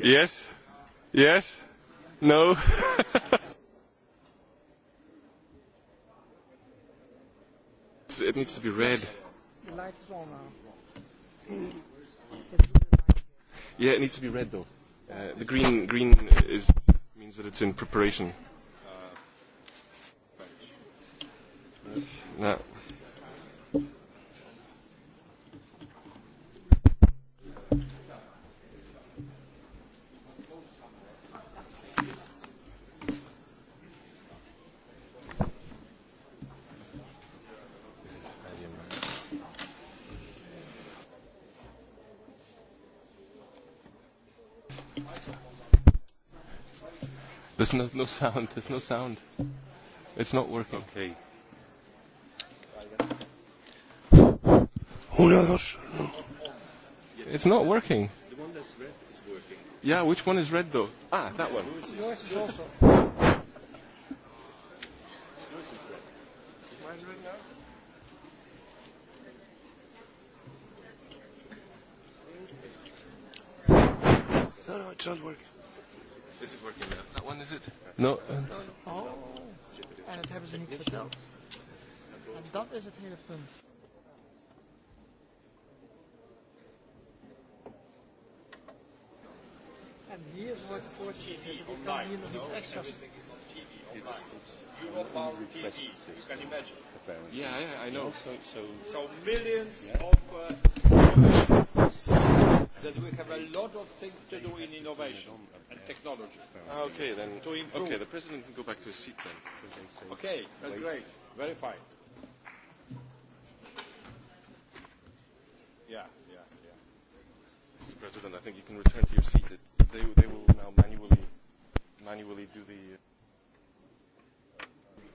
Yes? Yes? No? it needs to be red. Light's on now. Yeah, it needs to be red though. Uh, the green green is means that it's in preparation. Uh, no. There's no, no sound. There's no sound. It's not working. Okay. Uno, dos. It's not working. The one that's red is working. Yeah, which one is red though? Ah, that one. Yours is also. It's not working. Is it working now? That one is it? No. no, Oh, en dat hebben ze niet verteld. En dat is het hele punt. En hier wordt de voorzitter, ik kan hier nog iets extra's. It's, it's Eurobound TV, you can imagine. Apparently. Yeah, yeah, I know. So, so, millions of... Uh, that we have a lot of things to do in innovation and technology. Ah, okay, then. To improve. Okay, the president can go back to his seat then. Okay, that's wait. great. Very fine. Yeah, yeah, yeah. Mr. President, I think you can return to your seat. They, they will now manually, manually do the. Uh,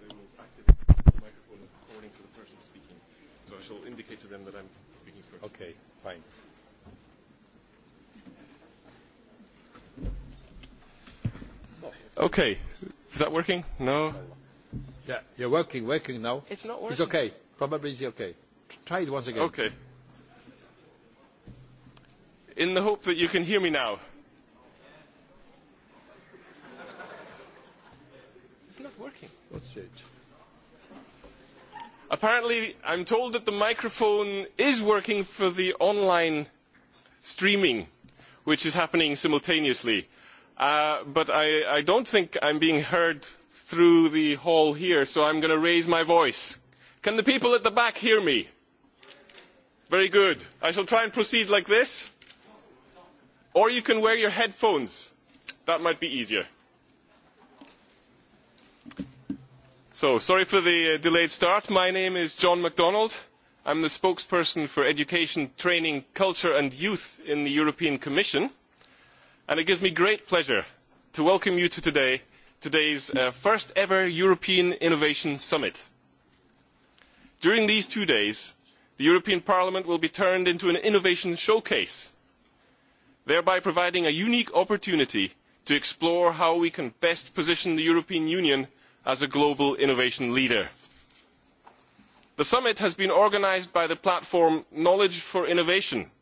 they will activate the microphone according to the person speaking. So I shall indicate to them that I'm speaking first. Okay, fine. Okay. Is that working? No? Yeah, you're working, working now. It's not working. It's okay. Probably it's okay. Try it once again. Okay. In the hope that you can hear me now. It's not working. What's it? Apparently, I'm told that the microphone is working for the online streaming, which is happening simultaneously Uh, but I, I don't think I am being heard through the hall here, so I'm going to raise my voice. Can the people at the back hear me? Very good. I shall try and proceed like this. Or you can wear your headphones. That might be easier. So, sorry for the uh, delayed start. My name is John MacDonald. I'm the spokesperson for education, training, culture and youth in the European Commission and it gives me great pleasure to welcome you to today, today's uh, first ever European Innovation Summit. During these two days, the European Parliament will be turned into an innovation showcase, thereby providing a unique opportunity to explore how we can best position the European Union as a global innovation leader. The summit has been organised by the platform Knowledge for Innovation –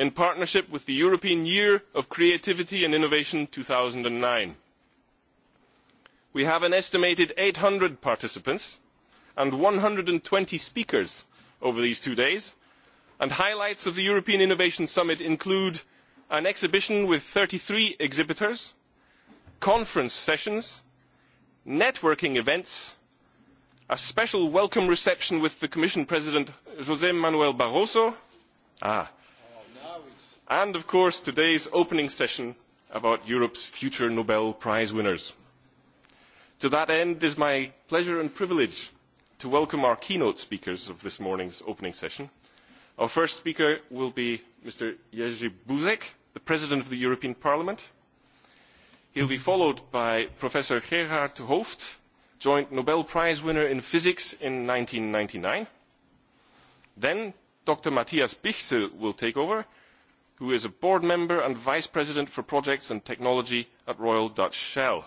in partnership with the European Year of Creativity and Innovation two thousand nine. We have an estimated eight hundred participants and one hundred and twenty speakers over these two days, and highlights of the European Innovation Summit include an exhibition with thirty three exhibitors, conference sessions, networking events, a special welcome reception with the Commission President José Manuel Barroso, ah, and of course today's opening session about Europe's future Nobel Prize winners. To that end, it is my pleasure and privilege to welcome our keynote speakers of this morning's opening session. Our first speaker will be Mr. Jerzy Buzek, the President of the European Parliament. He will be followed by Professor Gerhard Hooft, joint Nobel Prize winner in physics in ninety nine. Then Dr. Matthias Bichsel will take over who is a board member and vice president for projects and technology at Royal Dutch Shell.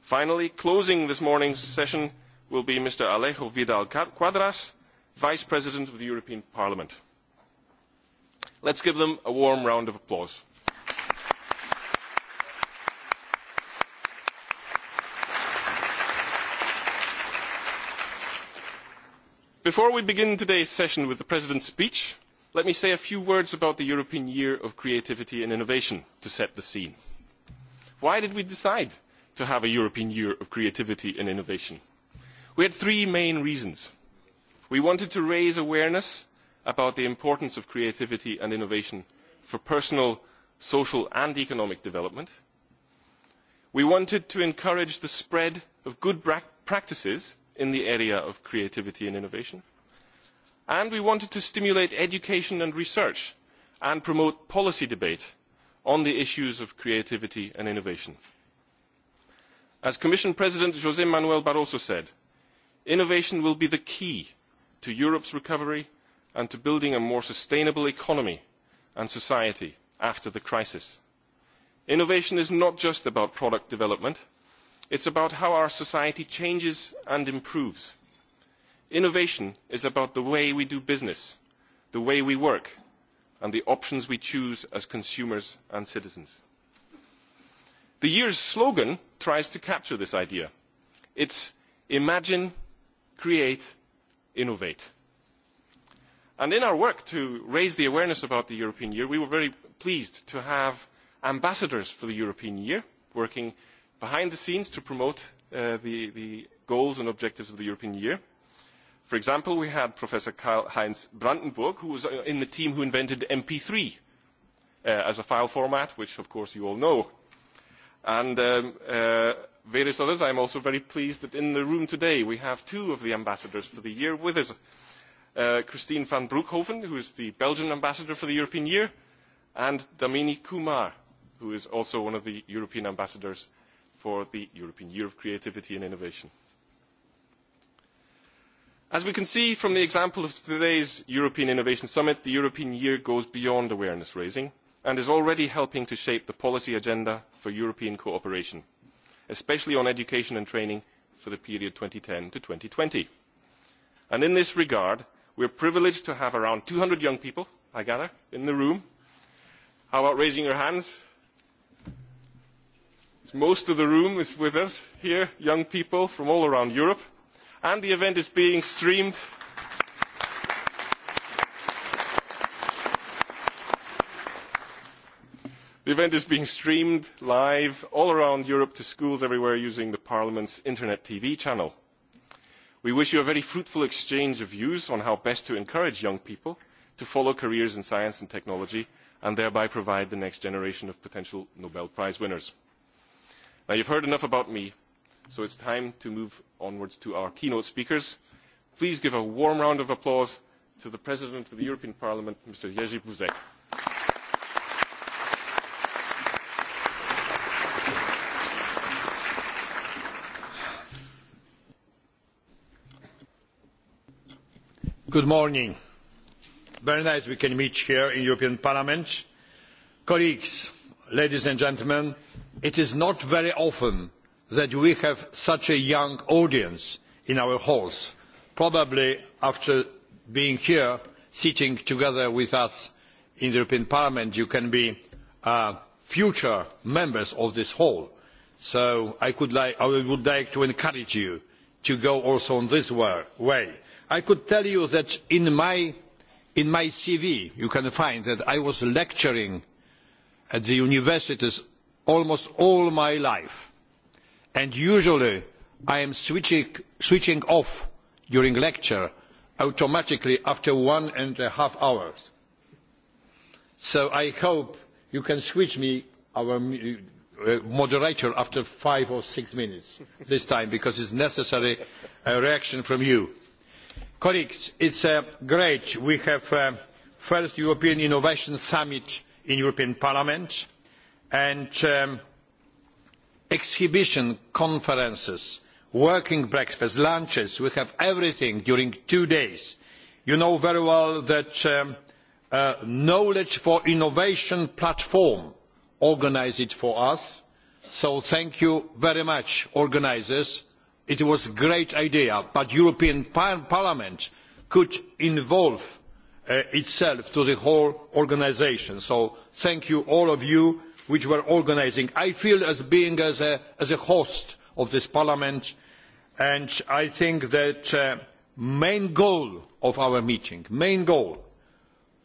Finally, closing this morning's session will be Mr. Alejo Vidal Quadras, vice president of the European Parliament. Let's give them a warm round of applause. Before we begin today's session with the President's speech, let me say a few words about the European Year of Creativity and Innovation to set the scene. Why did we decide to have a European Year of Creativity and Innovation? We had three main reasons. We wanted to raise awareness about the importance of creativity and innovation for personal, social and economic development. We wanted to encourage the spread of good practices in the area of creativity and innovation and we wanted to stimulate education and research and promote policy debate on the issues of creativity and innovation. as commission president jos manuel barroso said innovation will be the key to europe's recovery and to building a more sustainable economy and society after the crisis. innovation is not just about product development it is about how our society changes and improves innovation is about the way we do business the way we work and the options we choose as consumers and citizens. the year's slogan tries to capture this idea it is imagine create innovate'. And in our work to raise the awareness about the European Year, we were very pleased to have ambassadors for the European Year working behind the scenes to promote uh, the, the goals and objectives of the European Year. For example, we had Professor Karl-Heinz Brandenburg, who was uh, in the team who invented MP3 uh, as a file format, which of course you all know. And um, uh, various others, I am also very pleased that in the room today we have two of the ambassadors for the year with us. Uh, Christine van Broekhoven, who is the Belgian ambassador for the European year, and Damini Kumar, who is also one of the European ambassadors for the European Year of Creativity and Innovation as we can see from the example of today's european innovation summit the european year goes beyond awareness raising and is already helping to shape the policy agenda for european cooperation especially on education and training for the period two thousand and ten to two thousand and twenty and in this regard we are privileged to have around two hundred young people i gather in the room how about raising your hands most of the room is with us here young people from all around europe and the event is being streamed The event is being streamed live all around Europe to schools everywhere using the Parliament's Internet TV channel. We wish you a very fruitful exchange of views on how best to encourage young people to follow careers in science and technology and thereby provide the next generation of potential Nobel Prize winners. Now, you've heard enough about me. So it's time to move onwards to our keynote speakers. Please give a warm round of applause to the President of the European Parliament, Mr. Jerzy Buzek. Good morning. Very nice we can meet here in European Parliament. Colleagues, ladies and gentlemen, it is not very often that we have such a young audience in our halls, probably after being here, sitting together with us in the European Parliament, you can be uh, future members of this hall. So I, could like, I would like to encourage you to go also in this way. I could tell you that in my, in my CV, you can find that I was lecturing at the universities almost all my life and usually i am switching, off during lecture automatically after one and a half hours so i hope you can switch me our uh, moderator after five or six minutes this time because it is necessary a uh, reaction from you colleagues it is uh, great we have the first european innovation summit in the european parliament and um, exhibition conferences working breakfasts lunches we have everything during two days. you know very well that a um, uh, knowledge for innovation platform organised it for us so thank you very much organisers it was a great idea but the european parliament could involve uh, itself in the whole organisation so thank you all of you which were organising. I feel as being as a, as a host of this parliament and I think that the uh, main goal of our meeting, main goal,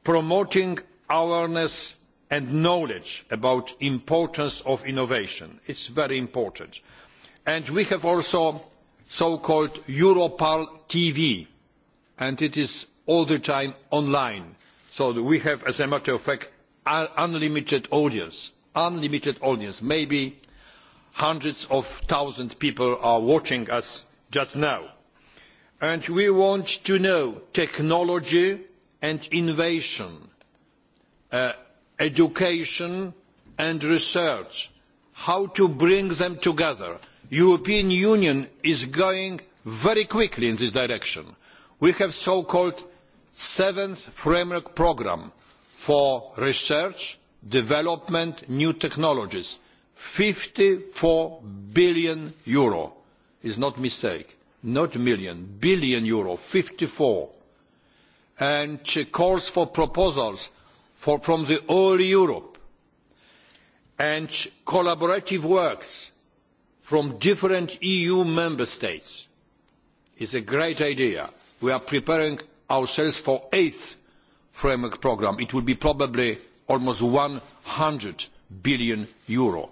promoting awareness and knowledge about the importance of innovation. It is very important. And we have also so-called Europal TV, and it is all the time online. So we have, as a matter of fact, an unlimited audience unlimited audience. Maybe hundreds of thousands of people are watching us just now. And we want to know technology and innovation, uh, education and research, how to bring them together. The European Union is going very quickly in this direction. We have so-called seventh framework programme for research, development, new technologies. fifty four billion euro is not a mistake, not million, billion euro, fifty four. And calls for proposals for, from the whole Europe and collaborative works from different EU member states. It's a great idea. We are preparing ourselves for the eighth framework programme. It will be probably almost EUR one hundred billion Euro.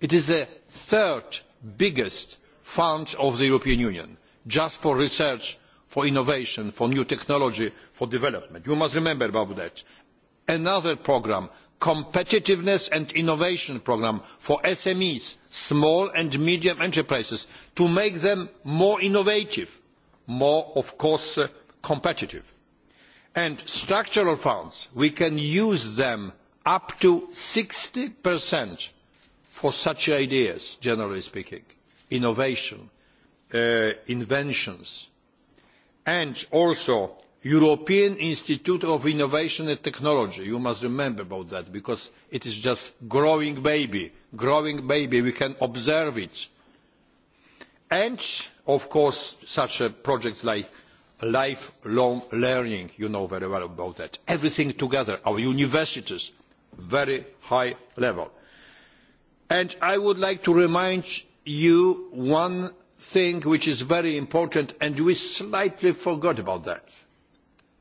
It is the third biggest fund of the European Union, just for research, for innovation, for new technology, for development. You must remember about that. Another programme, competitiveness and innovation programme for SMEs, small and medium enterprises, to make them more innovative, more, of course, uh, competitive and structural funds, we can use them up to 60% for such ideas, generally speaking, innovation, uh, inventions, and also European Institute of Innovation and Technology. You must remember about that because it is just growing baby, growing baby. We can observe it. And, of course, such uh, projects like lifelong learning, you know very well about that. Everything together, our universities, very high level. And I would like to remind you one thing which is very important and we slightly forgot about that.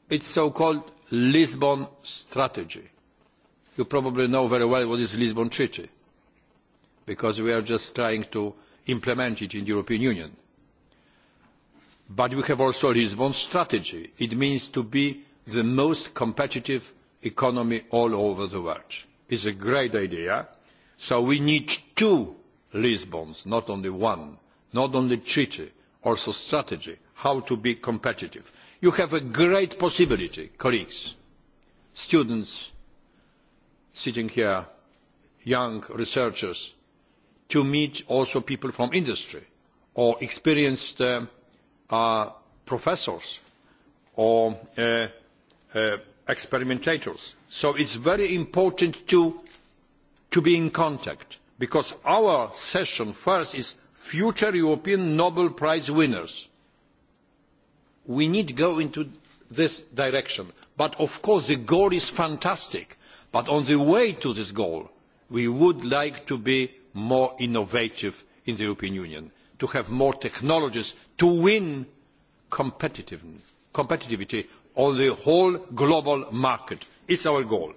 It's so-called Lisbon strategy. You probably know very well what is Lisbon Treaty because we are just trying to implement it in the European Union but we have also a Lisbon strategy. It means to be the most competitive economy all over the world. It is a great idea. So we need two Lisbons, not only one, not only treaty, also strategy, how to be competitive. You have a great possibility, colleagues, students sitting here, young researchers, to meet also people from industry or experienced uh, are professors or uh, uh, experimentators. So it's very important to, to be in contact because our session first is future European Nobel Prize winners. We need to go into this direction. But of course the goal is fantastic. But on the way to this goal, we would like to be more innovative in the European Union to have more technologies to win competitiveness on the whole global market. It is our goal.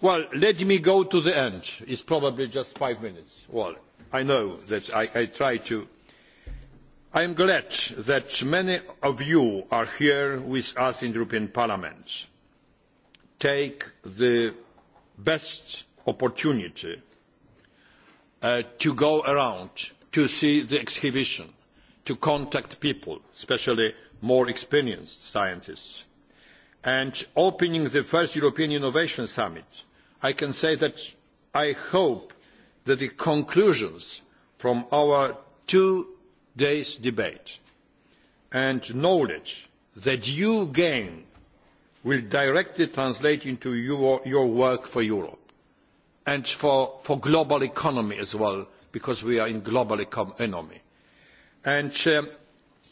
Well, let me go to the end. It is probably just five minutes. Well, I know that I, I try to. I am glad that many of you are here with us in the European Parliament. Take the best opportunity uh, to go around to see the exhibition, to contact people, especially more experienced scientists. And opening the first European Innovation Summit, I can say that I hope that the conclusions from our two days debate and knowledge that you gain will directly translate into your, your work for Europe and for, for global economy as well because we are in global economy. And uh,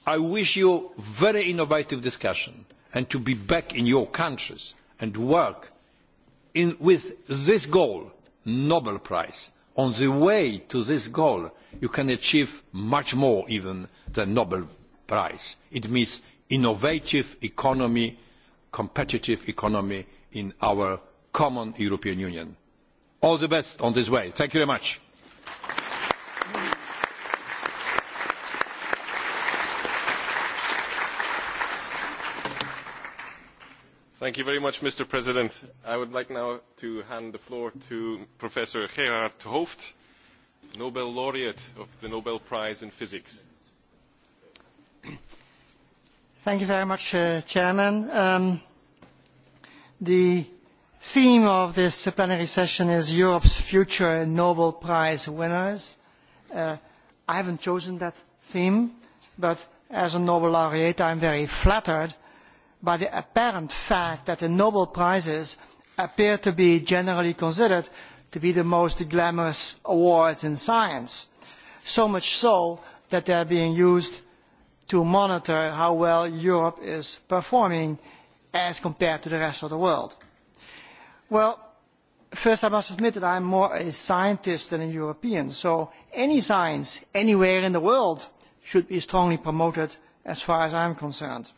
I wish you very innovative discussion and to be back in your countries and work in, with this goal, Nobel Prize. On the way to this goal, you can achieve much more even than Nobel Prize. It means innovative economy, competitive economy in our common European Union. All the best on this way. Thank you very much. Thank you very much, Mr. President. I would like now to hand the floor to Professor Gerhard Hooft, Nobel laureate of the Nobel Prize in Physics. Thank you very much, uh, Chairman. Um, the theme of this plenary session is Europe's future Nobel Prize winners. Uh, I haven't chosen that theme, but as a Nobel laureate, I'm very flattered uh, by the apparent fact that the Nobel Prizes appear to be generally considered to be the most glamorous awards in science, so much so that they are being used to monitor how well Europe is performing as compared to the rest of the world. Well, first I must admit that I am more a scientist than a European, so any science anywhere in the world should be strongly promoted as far as I am concerned.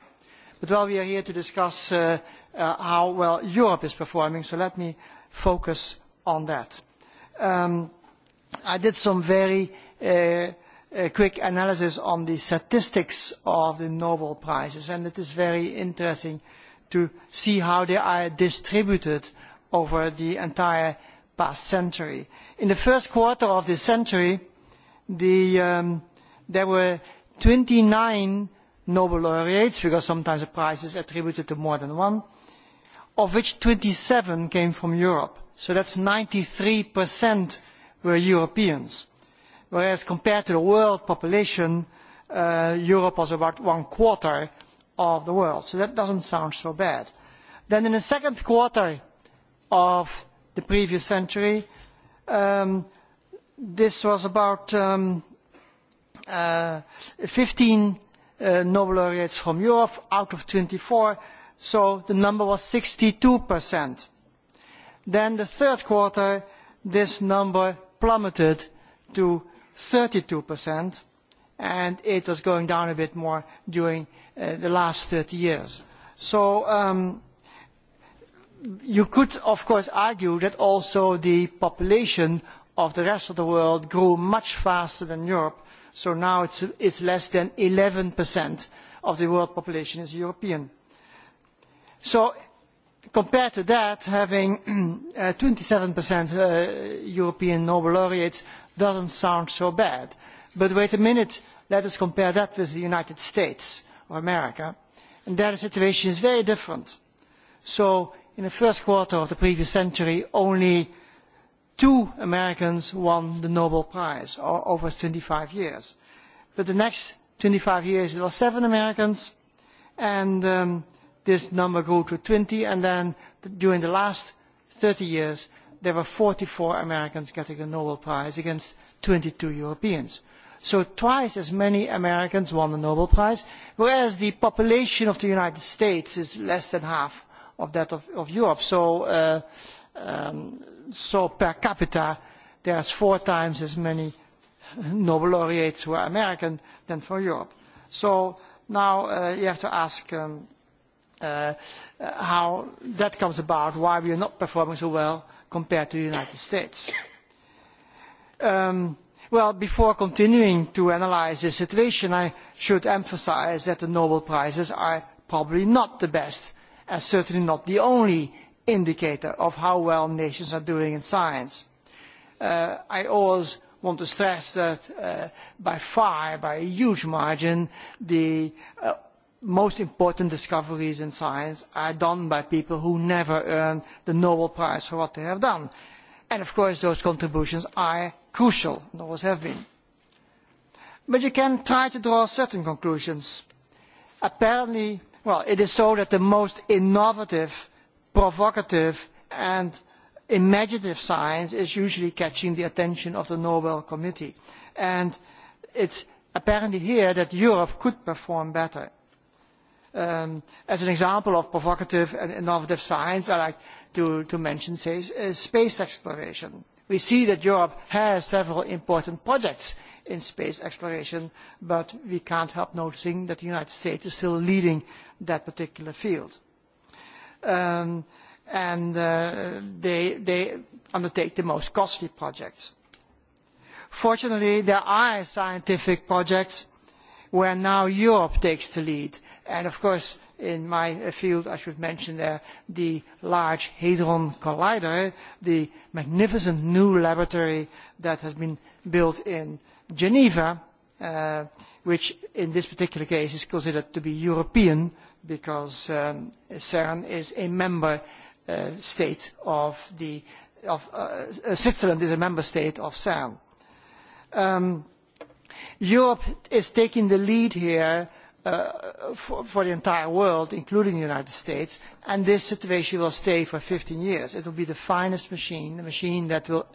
But well, we are here to discuss uh, uh, how well Europe is performing, so let me focus on that. Um, I did some very uh, uh, quick analysis on the statistics of the Nobel Prizes, and it is very interesting to see how they are distributed over the entire past century. In the first quarter of this century, the, um, there were twenty nine Nobel laureates, because sometimes the prize is attributed to more than one, of which twenty seven came from Europe. So that's three were Europeans. Whereas compared to the world population, uh, Europe was about one quarter of the world. So that doesn't sound so bad. Then in the second quarter of the previous century, um, this was about um, uh, uh, Nobel laureates from Europe out of twenty four, so the number was sixty 62%. Then the third quarter, this number plummeted to thirty 32%, and it was going down a bit more during uh, the last thirty years. So um, you could, of course, argue that also the population of the rest of the world grew much faster than Europe, so now it's, it's less than 11% of the world population is European. So compared to that, having uh, 27% uh, European Nobel laureates doesn't sound so bad. But wait a minute, let us compare that with the United States or America. And there the situation is very different. So in the first quarter of the previous century, only two Americans won the Nobel Prize over twenty five years. But the next twenty five years, it was seven Americans, and um, this number grew to twenty and then during the last thirty years, there were forty four Americans getting the Nobel Prize against twenty two Europeans. So twice as many Americans won the Nobel Prize, whereas the population of the United States is less than half of that of, of Europe. So uh, um, so per capita there are four times as many Nobel laureates who are American than for Europe. So now uh, you have to ask um, uh, how that comes about, why we are not performing so well compared to the United States. Um, before continuing to analyse the situation, I should emphasise that the Nobel Prizes are probably not the best and certainly not the only indicator of how well nations are doing in science. Uh, I always want to stress that uh, by far, by a huge margin, the uh, most important discoveries in science are done by people who never earn the Nobel Prize for what they have done. And of course, those contributions are crucial and always have been. But you can try to draw certain conclusions. Apparently, well, it is so that the most innovative provocative and imaginative science is usually catching the attention of the Nobel Committee. And it's apparently here that Europe could perform better. Um, as an example of provocative and innovative science, I like to, to mention say, uh, space exploration. We see that Europe has several important projects in space exploration, but we can't help noticing that the United States is still leading that particular field um, and uh, they, they undertake the most costly projects. Fortunately, there are scientific projects where now Europe takes the lead. And of course, in my field, I should mention there the Large Hadron Collider, the magnificent new laboratory that has been built in Geneva, uh, which in this particular case is considered to be European because um, CERN is a member uh, state of the of, uh, uh, Switzerland is a member state of CERN. Um, Europe is taking the lead here uh, for, for, the entire world, including the United States, and this situation will stay for fifteen years. It will be the finest machine, the machine that will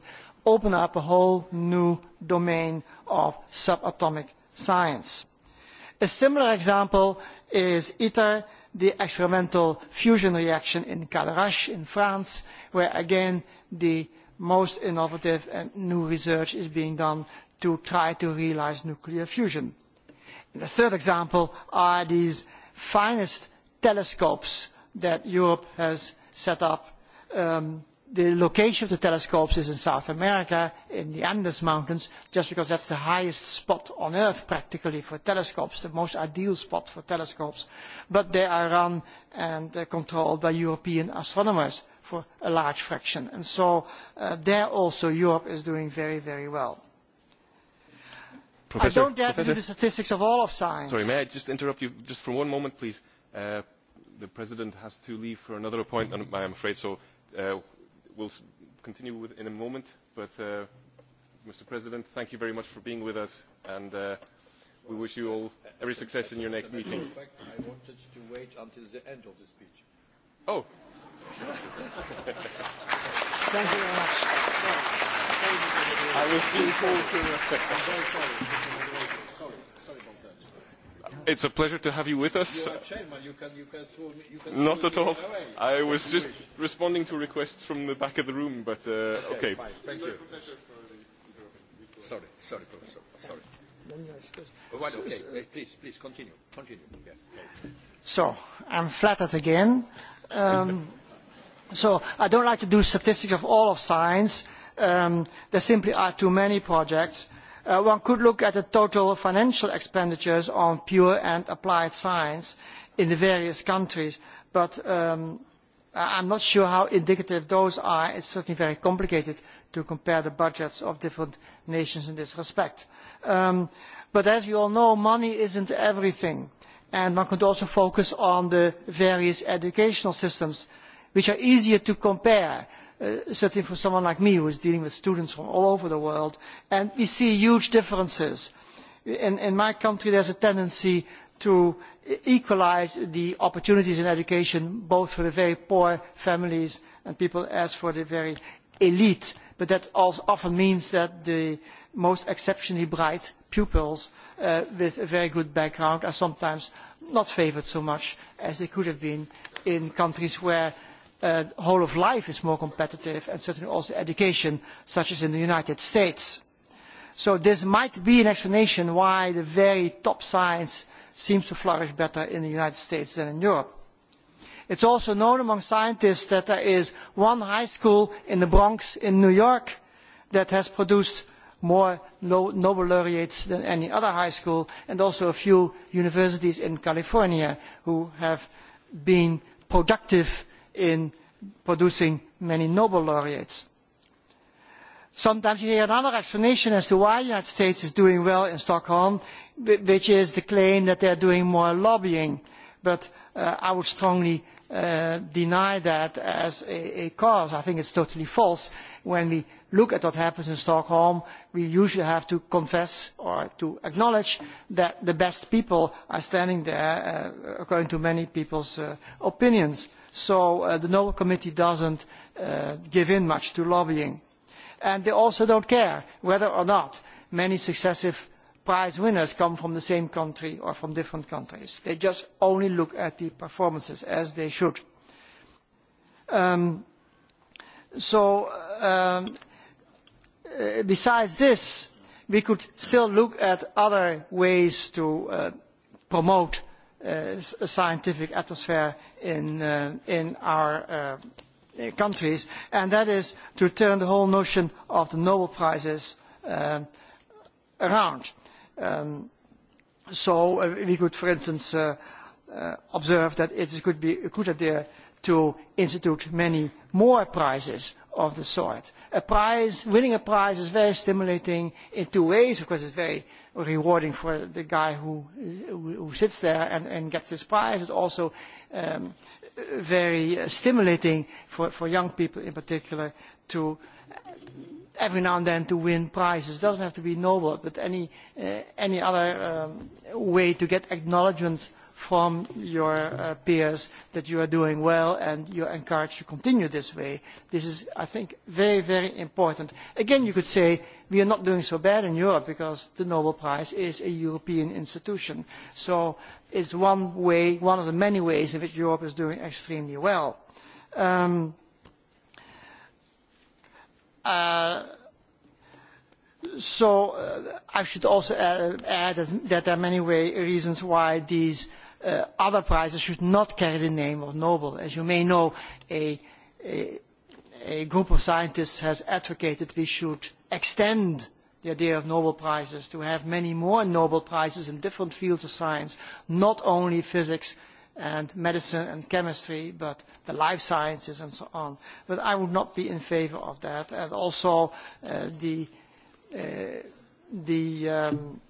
open up a whole new domain of subatomic science. A similar example is ITER, the experimental fusion reaction in Calarache in France, where again the most innovative and new research is being done to try to realise nuclear fusion. And the third example are these finest telescopes that Europe has set up um, the location of the telescopes is in South America, in the Andes Mountains, just because that is the highest spot on Earth practically for telescopes, the most ideal spot for telescopes. But they are run and uh, controlled by European astronomers for a large fraction. And so uh, there also Europe is doing very, very well. Professor, I don't dare Professor, to do the statistics of all of science. Sorry, may I just interrupt you just for one moment, please? Uh, the President has to leave for another appointment, I'm afraid, so uh, will continue with in a moment. But, uh, Mr. President, thank you very much for being with us, and uh, we wish you all every success in your next meetings. I wanted to wait until the end of the speech. Oh. thank you very much. I was looking forward to. I'm very sorry. It's a pleasure to have you with us. You are chairman. You can, you can you can Not at all. I was just responding to requests from the back of the room, but uh, okay. okay. Fine. Thank you. Sorry, sorry, professor. Sorry. Oh, well, okay. Please, please continue. Continue. Yeah. So I'm flattered again. Um, so I don't like to do statistics of all of science. Um, there simply are too many projects Uh, one could look at the total financial expenditures on pure and applied science in the various countries, but um, I am not sure how indicative those are. It is certainly very complicated to compare the budgets of different nations in this respect. Um, but as you all know, money is not everything. And one could also focus on the various educational systems, which are easier to compare Uh, certainly for someone like me who is dealing with students from all over the world, and we see huge differences. In, in my country, there is a tendency to equalise the opportunities in education, both for the very poor families and people as for the very elite. But that often means that the most exceptionally bright pupils uh, with a very good background are sometimes not favoured so much as they could have been in countries where uh, whole of life is more competitive and certainly also education, such as in the United States. So this might be an explanation why the very top science seems to flourish better in the United States than in Europe. It is also known among scientists that there is one high school in the Bronx in New York that has produced more no, Nobel laureates than any other high school, and also a few universities in California who have been productive in producing many Nobel laureates. Sometimes you hear another explanation as to why the United States is doing well in Stockholm, which is the claim that they are doing more lobbying. But uh, I would strongly uh, deny that as a, a cause. I think it is totally false. When we look at what happens in Stockholm, we usually have to confess or to acknowledge that the best people are standing there, uh, according to many people's uh, opinions so uh, the Nobel Committee does not uh, give in much to lobbying. And they also do not care whether or not many successive prize winners come from the same country or from different countries. They just only look at the performances, as they should. Um, so, um, uh, besides this, we could still look at other ways to promote Uh, scientific atmosphere in, uh, in our uh, uh, countries, and that is to turn the whole notion of the Nobel Prizes uh, around. Um, so we could, for instance, observe that it could be a good idea to institute many more prizes of the sort a prize, winning a prize is very stimulating in two ways. Of course, it's very rewarding for the guy who, who sits there and, and gets this prize. It's also um, very stimulating for, for young people in particular to every now and then to win prizes. It doesn't have to be Nobel, but any, uh, any other um, way to get acknowledgement from your uh, peers that you are doing well and you are encouraged to continue this way. This is, I think, very, very important. Again, you could say we are not doing so bad in Europe because the Nobel Prize is a European institution. So it's one way, one of the many ways in which Europe is doing extremely well. Um, uh, so uh, I should also add, add that there are many way, reasons why these Uh, other prizes should not carry the name of Nobel. As you may know, a, a, group of scientists has advocated we should extend the idea of Nobel Prizes to have many more Nobel Prizes in different fields of science, not only physics and medicine and chemistry, but the life sciences and so on. But I would not be in favour of that. And also uh, the, uh, the um,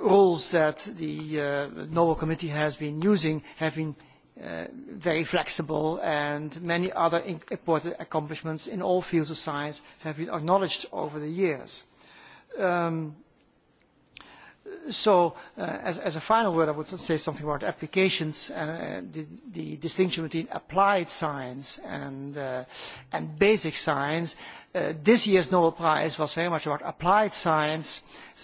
rules that the uh, Nobel Committee has been using have been uh, very flexible and many other important accomplishments in all fields of science have been acknowledged over the years. Um, so uh, as, as a final word, I would say something about applications and uh, the, the distinction between applied science and, uh, and basic science. Uh, this year's Nobel Prize was very much about applied science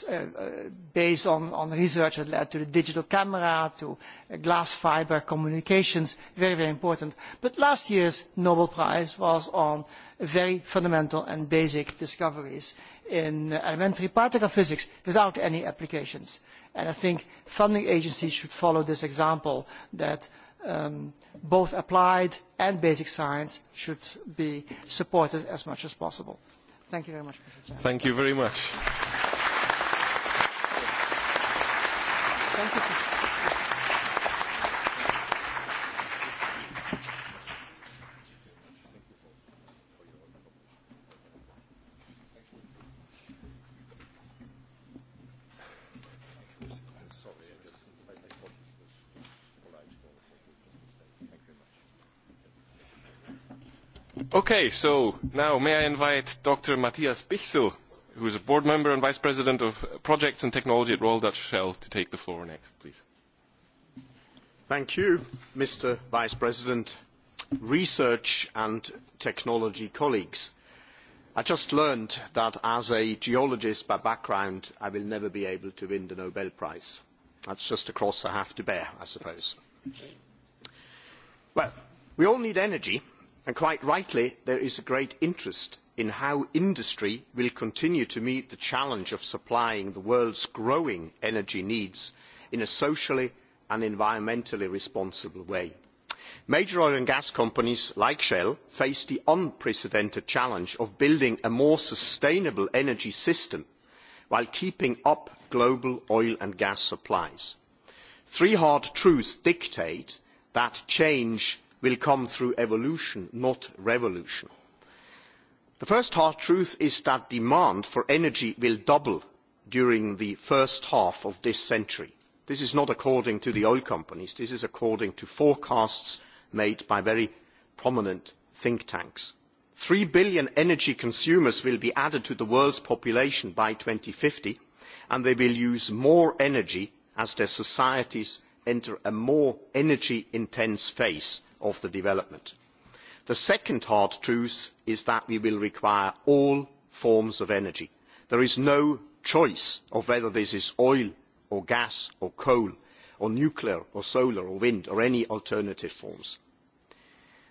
uh, uh based on, on research that led to the digital camera, to uh, glass fiber communications, very, very important. But last year's Nobel Prize was on very fundamental and basic discoveries in elementary particle physics without any applications. I think funding agencies should follow this example that um, both applied and basic science should be supported as much as possible. Thank you very much. Thank you very much. Thank you. Okay, so now may I invite Dr. Matthias Bichsel, who is a board member and vice president of projects and technology at Royal Dutch Shell, to take the floor next, please. Thank you, Mr. Vice President, research and technology colleagues. I just learned that as a geologist by background, I will never be able to win the Nobel Prize. That's just a cross I have to bear, I suppose. Well, we all need energy and quite rightly there is a great interest in how industry will continue to meet the challenge of supplying the world's growing energy needs in a socially and environmentally responsible way. Major oil and gas companies like Shell face the unprecedented challenge of building a more sustainable energy system while keeping up global oil and gas supplies. Three hard truths dictate that change will come through evolution, not revolution. The first hard truth is that demand for energy will double during the first half of this century. This is not according to the oil companies. This is according to forecasts made by very prominent think tanks. Three billion energy consumers will be added to the world's population by fifty and they will use more energy as their societies enter a more energy intense phase of the development. The second hard truth is that we will require all forms of energy. There is no choice of whether this is oil or gas or coal or nuclear or solar or wind or any alternative forms.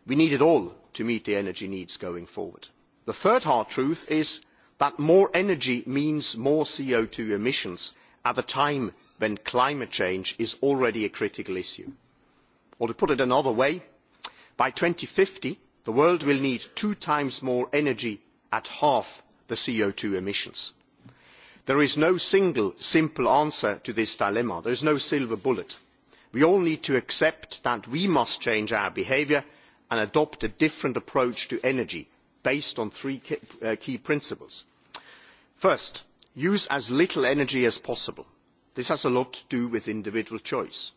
We need it all to meet the energy needs going forward. The third hard truth is that more energy means more co two emissions at a time when climate change is already a critical issue. Or to put it another way, by two thousand and fifty the world will need two times more energy at half the co two emissions. there is no single simple answer to this dilemma there is no silver bullet. we all need to accept that we must change our behaviour and adopt a different approach to energy based on three uh, key principles. first use as little energy as possible. this has a lot to do with individual choice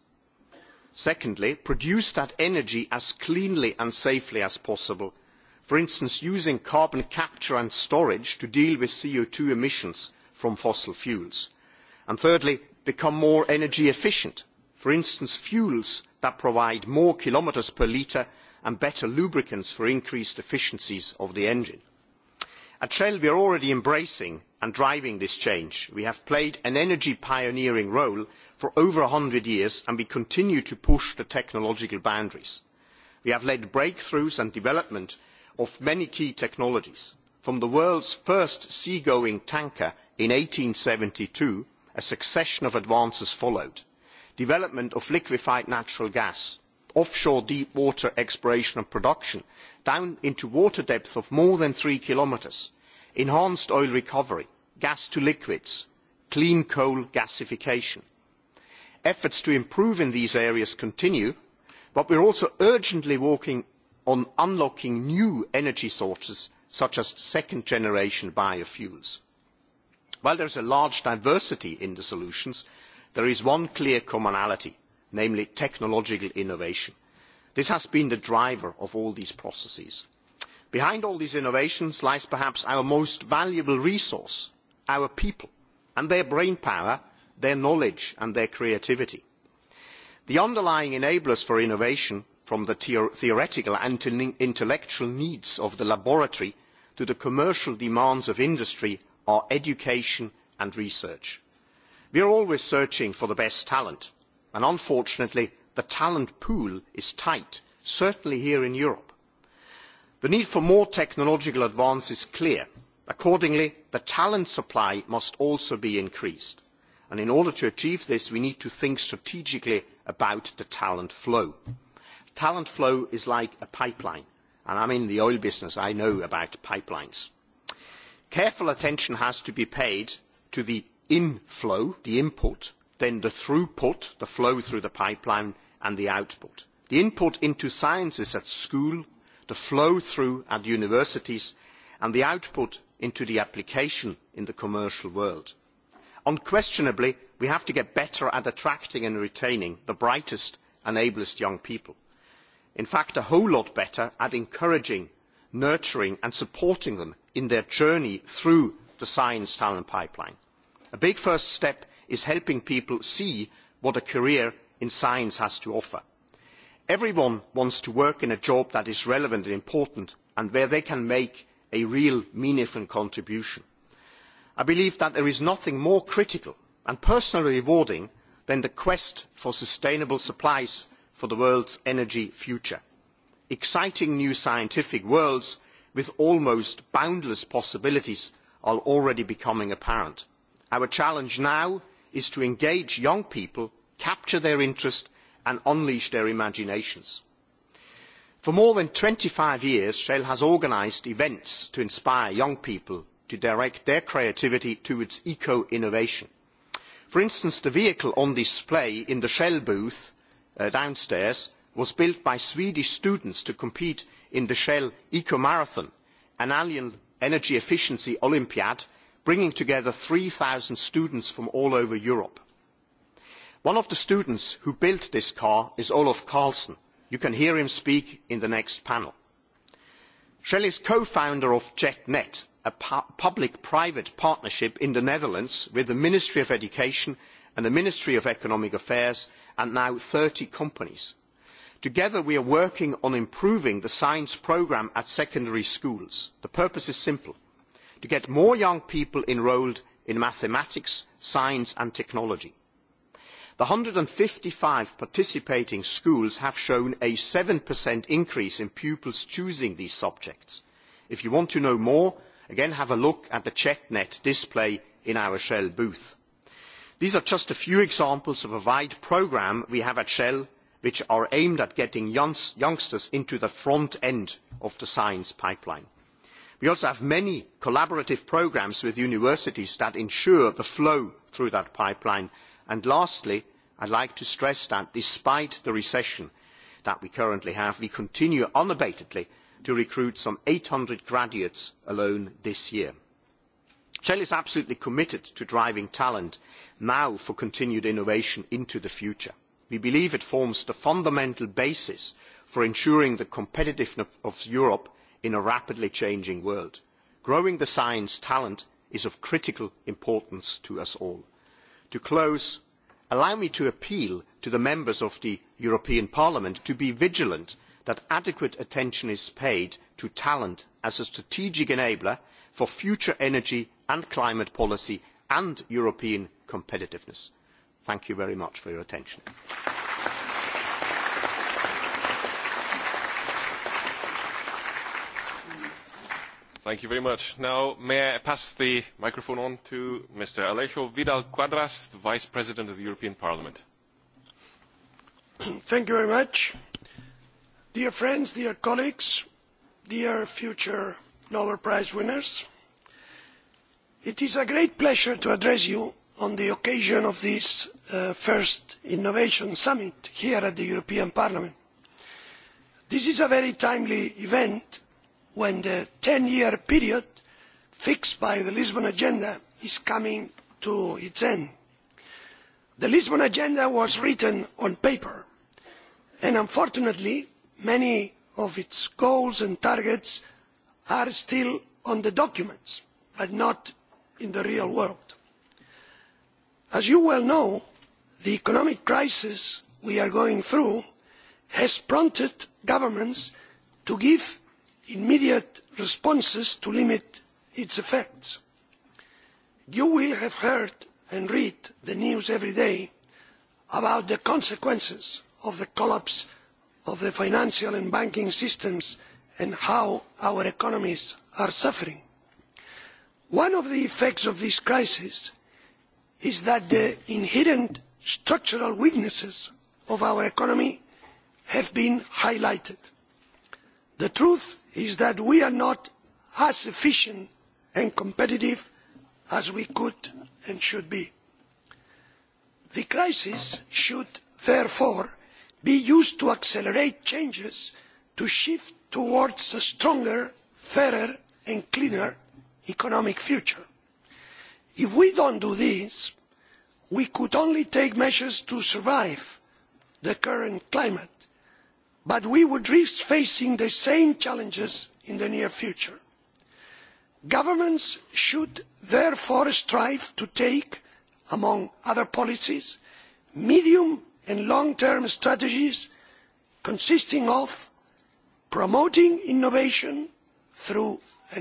secondly produce that energy as cleanly and safely as possible for instance using carbon capture and storage to deal with co two emissions from fossil fuels and thirdly become more energy efficient for instance fuels that provide more kilometres per litre and better lubricants for increased efficiencies of the engine at shell we are already embracing and driving this change. we have played an energy pioneering role for over a hundred years and we continue to push the technological boundaries. we have led breakthroughs and development of many key technologies from the world's first seagoing tanker in one thousand eight hundred and seventy two a succession of advances followed development of liquefied natural gas offshore deep water exploration and production down into water depths of more than three kilometres, enhanced oil recovery, gas to liquids, clean coal gasification. Efforts to improve in these areas continue, but we are also urgently working on unlocking new energy sources such as second generation biofuels. While there is a large diversity in the solutions, there is one clear commonality namely technological innovation. This has been the driver of all these processes. Behind all these innovations lies perhaps our most valuable resource, our people, and their brain power, their knowledge and their creativity. The underlying enablers for innovation, from the theoretical and intellectual needs of the laboratory to the commercial demands of industry, are education and research. We are always searching for the best talent and unfortunately the talent pool is tight certainly here in europe. the need for more technological advance is clear. accordingly the talent supply must also be increased and in order to achieve this we need to think strategically about the talent flow. talent flow is like a pipeline and i am in the oil business i know about pipelines. careful attention has to be paid to the inflow the input then the throughput, the flow through the pipeline, and the output. The input into science is at school, the flow through at universities, and the output into the application in the commercial world. Unquestionably, we have to get better at attracting and retaining the brightest and ablest young people. In fact, a whole lot better at encouraging, nurturing and supporting them in their journey through the science talent pipeline. A big first step is helping people see what a career in science has to offer. Everyone wants to work in a job that is relevant and important and where they can make a real meaningful contribution. I believe that there is nothing more critical and personally rewarding than the quest for sustainable supplies for the world's energy future. Exciting new scientific worlds with almost boundless possibilities are already becoming apparent. Our challenge now is to engage young people, capture their interest and unleash their imaginations. For more than twenty five years, Shell has organised events to inspire young people to direct their creativity towards eco-innovation. For instance, the vehicle on display in the Shell booth uh, downstairs was built by Swedish students to compete in the Shell Eco Marathon, an annual energy efficiency Olympiad bringing together three 3,000 students from all over Europe. One of the students who built this car is Olaf Carlsen. You can hear him speak in the next panel. Shell is co-founder of JetNet, a public-private partnership in the Netherlands with the Ministry of Education and the Ministry of Economic Affairs and now thirty companies. Together we are working on improving the science programme at secondary schools. The purpose is simple to get more young people enrolled in mathematics, science and technology. The one hundred and fifty five participating schools have shown a 7% increase in pupils choosing these subjects. If you want to know more, again have a look at the CheckNet display in our Shell booth. These are just a few examples of a wide programme we have at Shell which are aimed at getting youngsters into the front end of the science pipeline we also have many collaborative programmes with universities that ensure the flow through that pipeline and lastly i would like to stress that despite the recession that we currently have we continue unabatedly to recruit some eight hundred graduates alone this year. shell is absolutely committed to driving talent now for continued innovation into the future. we believe it forms the fundamental basis for ensuring the competitiveness of europe in a rapidly changing world. Growing the science talent is of critical importance to us all. To close, allow me to appeal to the members of the European Parliament to be vigilant that adequate attention is paid to talent as a strategic enabler for future energy and climate policy and European competitiveness. Thank you very much for your attention. Thank you very much. Now, may I pass the microphone on to Mr. Alejo Vidal Quadras, the Vice President of the European Parliament. Thank you very much. Dear friends, dear colleagues, dear future Nobel Prize winners, it is a great pleasure to address you on the occasion of this uh, first Innovation Summit here at the European Parliament. This is a very timely event when the ten year period fixed by the lisbon agenda is coming to its end. the lisbon agenda was written on paper and unfortunately many of its goals and targets are still on the documents but not in the real world. as you well know the economic crisis we are going through has prompted governments to give immediate responses to limit its effects. you will have heard and read the news every day about the consequences of the collapse of the financial and banking systems and how our economies are suffering. one of the effects of this crisis is that the inherent structural weaknesses of our economy have been highlighted the truth is that we are not as efficient and competitive as we could and should be. the crisis should therefore be used to accelerate changes to shift towards a stronger fairer and cleaner economic future. if we do not do this we could only take measures to survive the current climate but we would risk facing the same challenges in the near future. governments should therefore strive to take among other policies medium and long term strategies consisting of promoting innovation through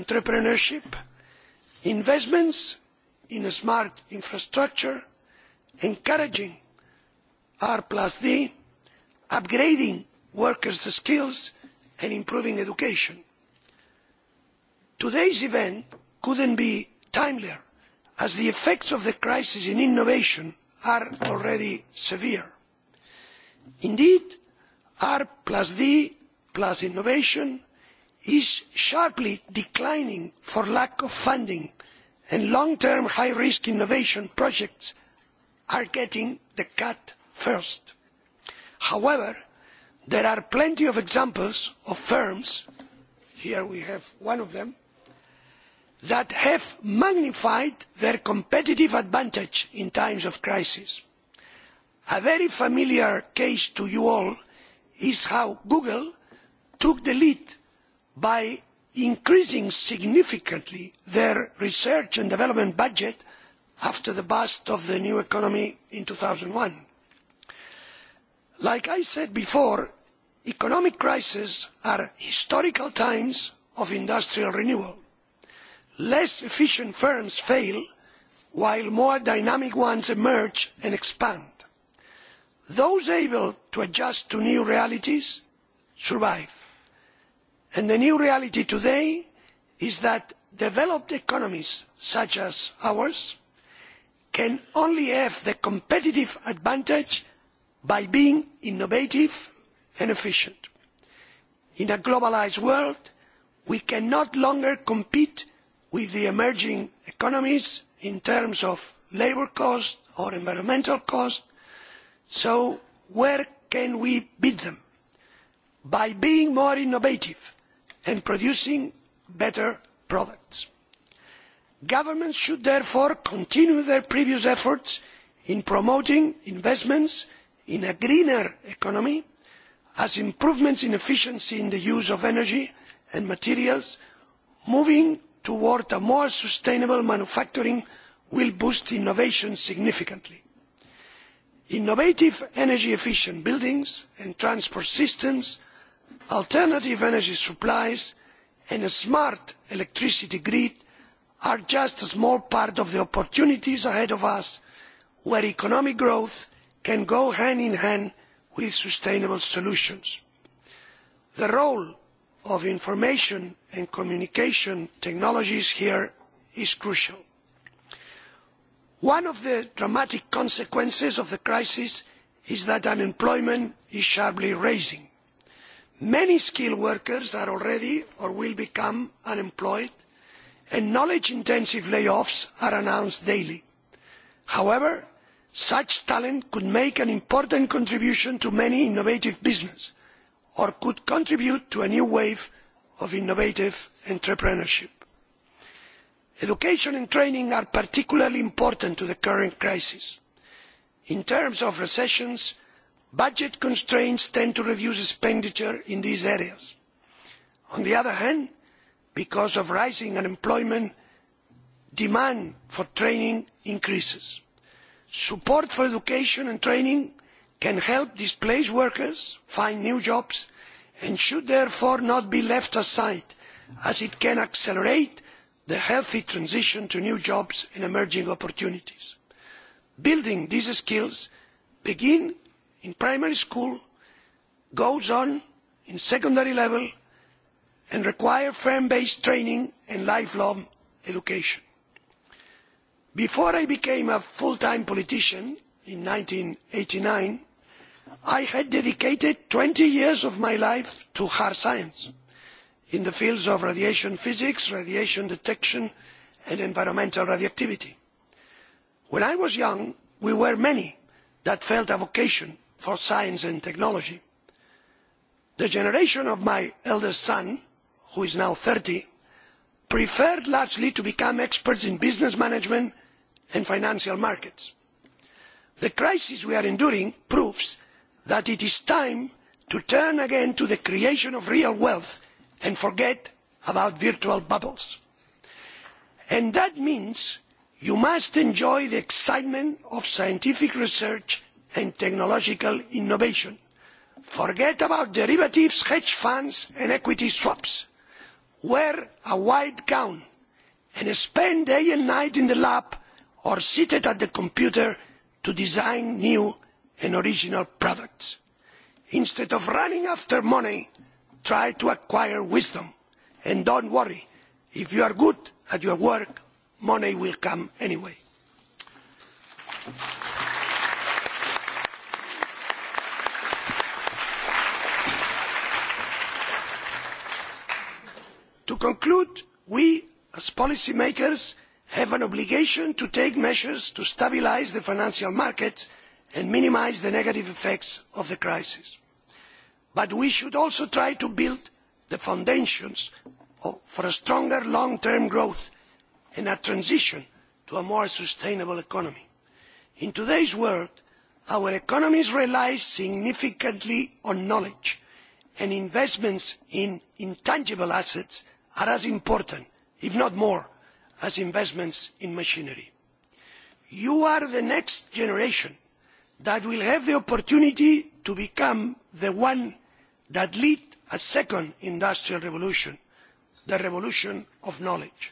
entrepreneurship investments in smart infrastructure encouraging r d upgrading workers' skills and improving education. today's event could not be timelier as the effects of the crisis in innovation are already severe. indeed r d innovation is sharply declining for lack of funding and long term high risk innovation projects are getting the cut first. however there are plenty of examples of firms here we have one of them that have magnified their competitive advantage in times of crisis. a very familiar case to you all is how google took the lead by increasing significantly their research and development budget after the bust of the new economy in. two thousand and one like i said before economic crises are historical times of industrial renewal. less efficient firms fail while more dynamic ones emerge and expand. those able to adjust to new realities survive and the new reality today is that developed economies such as ours can only have the competitive advantage by being innovative and efficient. in a globalised world we can no longer compete with the emerging economies in terms of labour cost or environmental cost, so where can we beat them? by being more innovative and producing better products. governments should therefore continue their previous efforts in promoting investments in a greener economy as improvements in efficiency in the use of energy and materials moving towards a more sustainable manufacturing will boost innovation significantly. innovative energy efficient buildings and transport systems alternative energy supplies and a smart electricity grid are just a small part of the opportunities ahead of us where economic growth can go hand in hand with sustainable solutions. the role of information and communication technologies here is crucial. one of the dramatic consequences of the crisis is that unemployment is sharply rising. many skilled workers are already or will become unemployed and knowledge intensive layoffs are announced daily. however such talent could make an important contribution to many innovative businesses or could contribute to a new wave of innovative entrepreneurship. education and training are particularly important to the current crisis. in terms of recession budget constraints tend to reduce expenditure in these areas. on the other hand because of rising unemployment demand for training increases support for education and training can help displaced workers find new jobs and should therefore not be left aside as it can accelerate the healthy transition to new jobs and emerging opportunities. building these skills begins in primary school goes on at secondary level and requires firm based training and lifelong education before i became a full time politician in one thousand nine hundred and eighty nine i had dedicated twenty years of my life to hard science in the fields of radiation physics radiation detection and environmental radioactivity. when i was young we were many that felt a vocation for science and technology. the generation of my eldest son who is now thirty preferred largely to become experts in business management and financial markets. the crisis we are enduring proves that it is time to turn again to the creation of real wealth and forget about virtual bubbles. and that means you must enjoy the excitement of scientific research and technological innovation. forget about derivatives hedge funds and equity swaps. wear a white gown and spend day and night in the lab or seated at the computer to design new and original products. instead of running after money try to acquire wisdom and do not worry if you are good at your work money will come anyway. to conclude we as policymakers have an obligation to take measures to stabilise the financial markets and minimise the negative effects of the crisis but we should also try to build the foundations for stronger long term growth and a transition to a more sustainable economy. in today's world our economies rely significantly on knowledge and investments in intangible assets are as important if not more as investments in machinery. you are the next generation that will have the opportunity to become the one that leads a second industrial revolution the revolution of knowledge.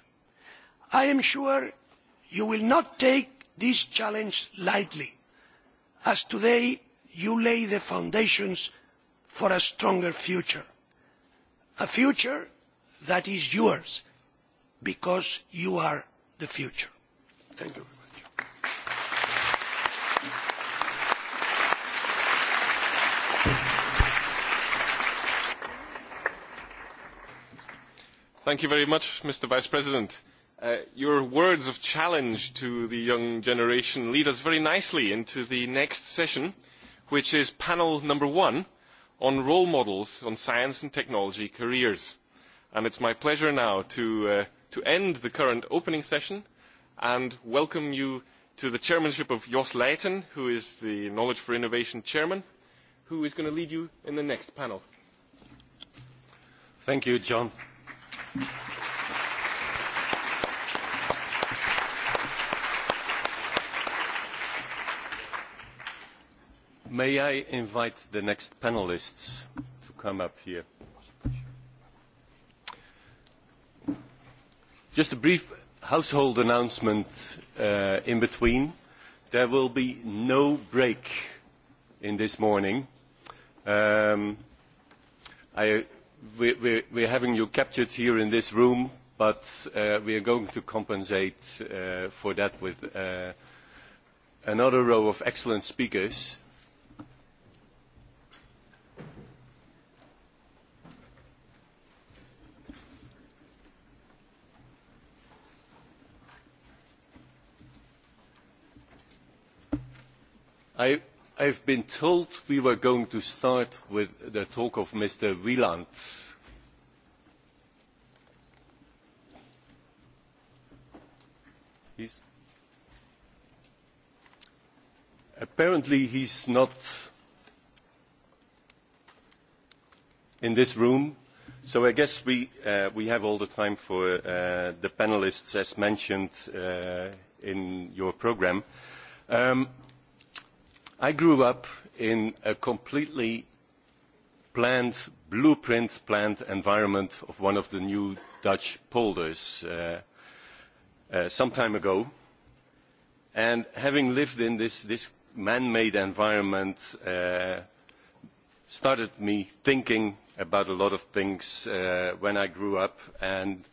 i am sure you will not take this challenge lightly as today you lay the foundations for a stronger future a future that is yours because you are the future. Thank you. Thank you very much, Mr. Vice President. Uh, your words of challenge to the young generation lead us very nicely into the next session, which is panel number one on role models on science and technology careers. And it's my pleasure now to uh, to end the current opening session and welcome you to the chairmanship of Jos Leijten, who is the Knowledge for Innovation chairman, who is going to lead you in the next panel. Thank you, John. May I invite the next panelists to come up here? just a brief household announcement uh, in between there will be no break in this morning um, I, we, we, are having you captured here in this room but uh, we are going to compensate uh, for that with uh, another row of excellent speakers I, have been told we were going to start with the talk of Mr. Wieland. He's apparently is not in this room, so I guess we, uh, we have all the time for uh, the panellists as mentioned uh, in your programme. Um, i grew up in a completely planned, blueprint planned environment of one of the new Dutch polders uh, uh, some time ago. And having lived in this, this man-made environment uh, started me thinking about a lot of things uh, when I grew up. And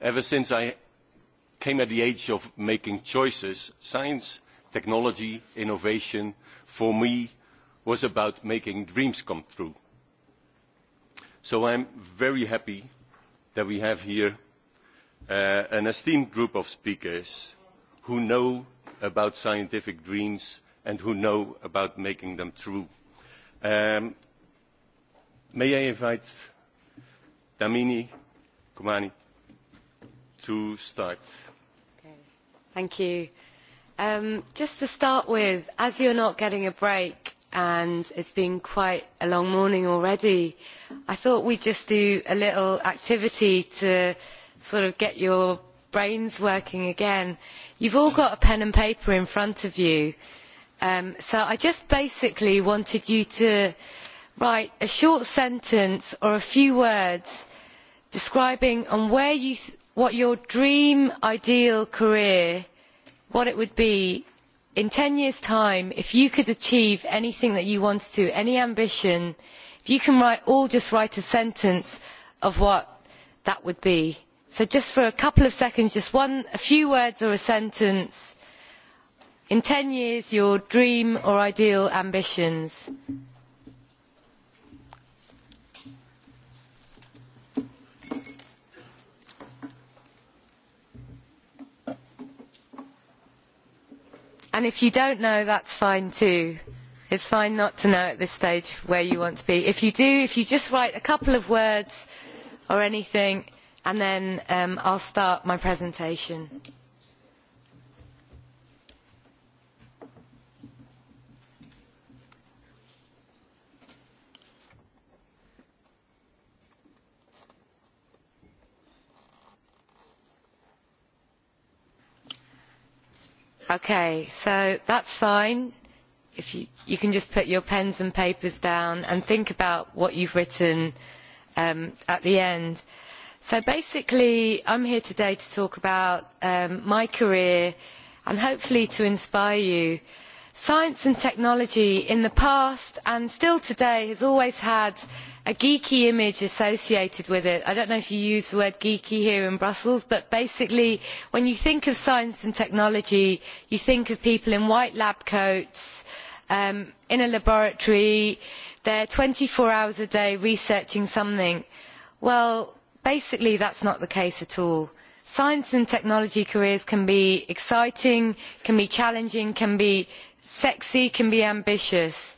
ever since I came at the age of making choices, science technology, innovation, for me, was about making dreams come true. So I'm very happy that we have here uh, an esteemed group of speakers who know about scientific dreams and who know about making them true. Um, may I invite Damini Kumani to start. Okay. Thank you. Um, just to start with, as you're not getting a break and it's been quite a long morning already, I thought we'd just do a little activity to sort of get your brains working again. You've all got a pen and paper in front of you. Um, so I just basically wanted you to write a short sentence or a few words describing on where you th what your dream ideal career what it would be in ten years' time if you could achieve anything that you wanted to, any ambition, if you can write, all just write a sentence of what that would be. So just for a couple of seconds, just one, a few words or a sentence. In ten years, your dream or ideal ambitions. and if you don't know that's fine too it's fine not to know at this stage where you want to be if you do if you just write a couple of words or anything and then um, i'll start my presentation Okay, so that's fine. If you, you can just put your pens and papers down and think about what you've written um, at the end. So basically, I'm here today to talk about um, my career and hopefully to inspire you. Science and technology in the past and still today has always had a geeky image associated with it. I don't know if you use the word geeky here in Brussels, but basically when you think of science and technology, you think of people in white lab coats, um, in a laboratory, they're 24 hours a day researching something. Well, basically that's not the case at all. Science and technology careers can be exciting, can be challenging, can be sexy, can be ambitious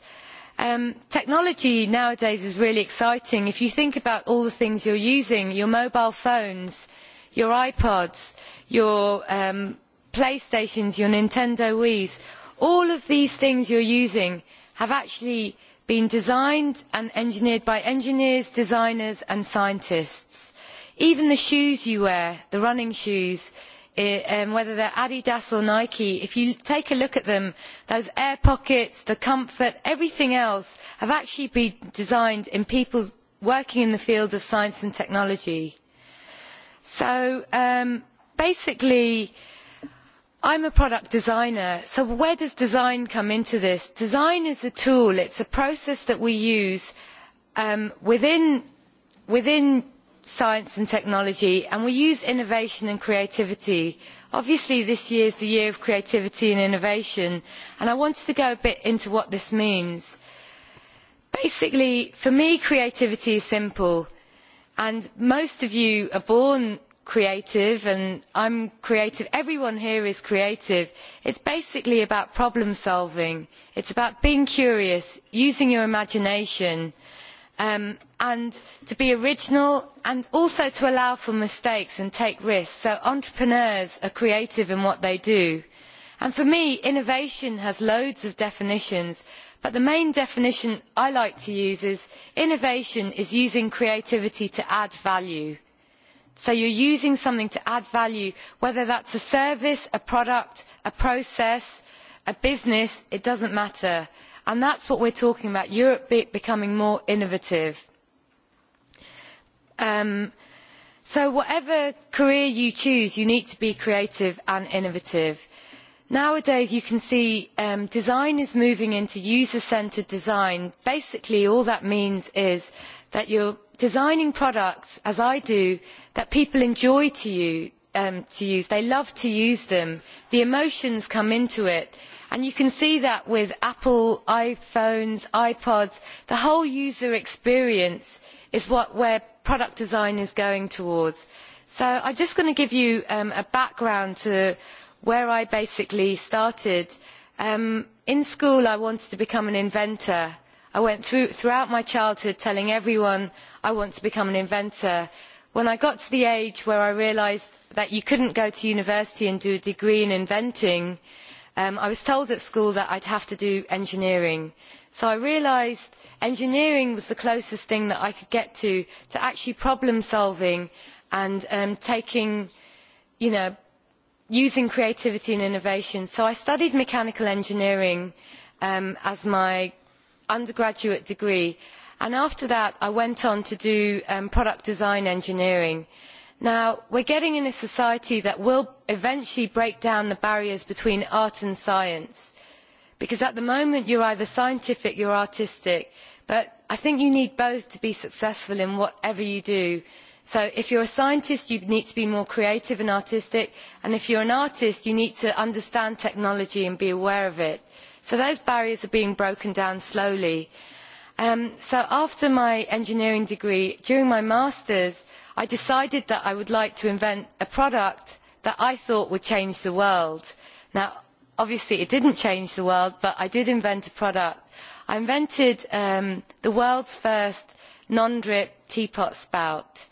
Um, technology nowadays is really exciting. if you think about all the things you are using your mobile phones your ipods your um, playstations your nintendo wiis all of these things you are using have actually been designed and engineered by engineers designers and scientists. even the shoes you wear the running shoes Um, whether they are adidas or nike if you take a look at them those air pockets the comfort everything else have actually been designed in people working in the field of science and technology. so um, basically i am a product designer so where does design come into this? design is a tool it is a process that we use um, within, within science and technology and we use innovation and creativity. obviously this year is the year of creativity and innovation and i wanted to go a bit into what this means. basically for me creativity is simple and most of you are born creative and i am creative everyone here is creative it is basically about problem solving it is about being curious using your imagination and Um, and to be original and also to allow for mistakes and take risks. So entrepreneurs are creative in what they do. for me, innovation has loads of definitions, but the main definition I like to use is innovation is using creativity to add value. So you are using something to add value, whether that is a service, a product, a process, a business, it does not matter and that is what we are talking about europe becoming more innovative. Um, so whatever career you choose you need to be creative and innovative. nowadays you can see um, design is moving into user centred design. basically all that means is that you are designing products as i do that people enjoy um, to, use they love to use them the emotions come into it and and you can see that with apple iphones ipods the whole user experience is where product design is going towards. so i am just going to give you um, a background to where i basically started. Um, in school i wanted to become an inventor. i went through, throughout my childhood telling everyone i want to become an inventor. when i got to the age where i realised that you could not go to university and do a degree in inventing Um, I was told at school that I'd have to do engineering. So I realised engineering was the closest thing that I could get to, to actually problem solving and um, taking, using creativity and innovation. So I studied mechanical engineering um, as my undergraduate degree. And after that, I went on to do product design engineering. Now, we are getting in a society that will eventually break down the barriers between art and science. Because at the moment, you are either scientific, or artistic. But I think you need both to be successful in whatever you do. So if you are a scientist, you need to be more creative and artistic. And if you are an artist, you need to understand technology and be aware of it. So those barriers are being broken down slowly. Um, so after my engineering degree, during my master's, i decided that i would like to invent a product that i thought would change the world. now obviously it did not change the world but i did invent a product. i invented um, the world's first non drip teapot spout.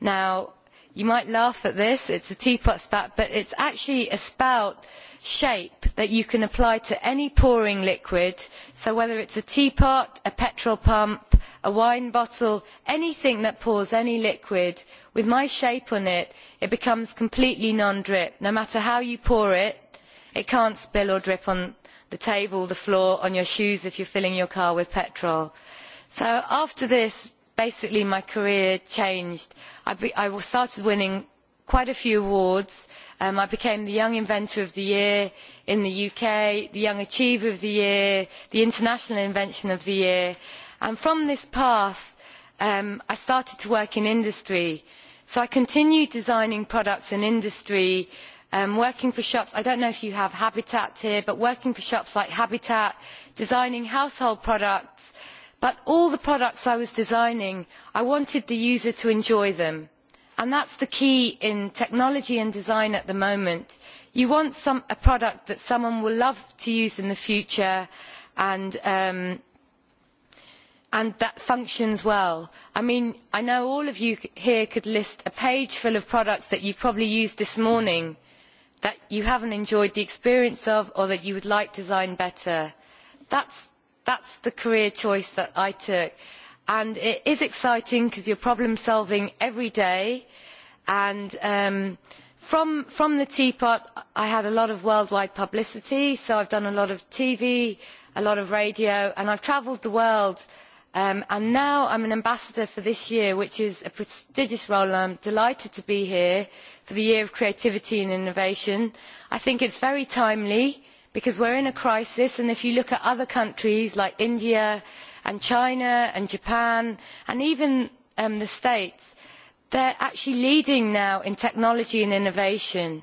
now you might laugh at this it is a teapot spout, but it is actually a spout shape that you can apply to any pouring liquid so whether it is a teapot a petrol pump a wine bottle anything that pours any liquid with my shape on it it becomes completely non drip no matter how you pour it it cannot spill or drip on the table the floor on your shoes if you are filling your car with petrol. so after this basically my career changed. I, be, I started winning quite a few awards. Um, I became the Young Inventor of the Year in the UK, the Young Achiever of the Year, the International Invention of the Year. And from this past, um, I started to work in industry. So I continued designing products in industry, um, working for shops. I don't know if you have Habitat here, but working for shops like Habitat, designing household products, but all the products i was designing i wanted the user to enjoy them and that is the key in technology and design at the moment you want a product that someone will love to use in the future and, um, and that functions well. I, mean, i know all of you here could list a page full of products that you probably used this morning that you have not enjoyed the experience of or that you would like designed better. that is that is the career choice that i took and it is exciting because you are problem solving every day and um, from, from the teapot i had a lot of worldwide publicity so i have done a lot of tv a lot of radio and i have travelled the world um, and now i am an ambassador for this year which is a prestigious role and i am delighted to be here for the year of creativity and innovation. i think it is very timely because we are in a crisis and if you look at other countries like india and china and japan and even um, the states they are actually leading now in technology and innovation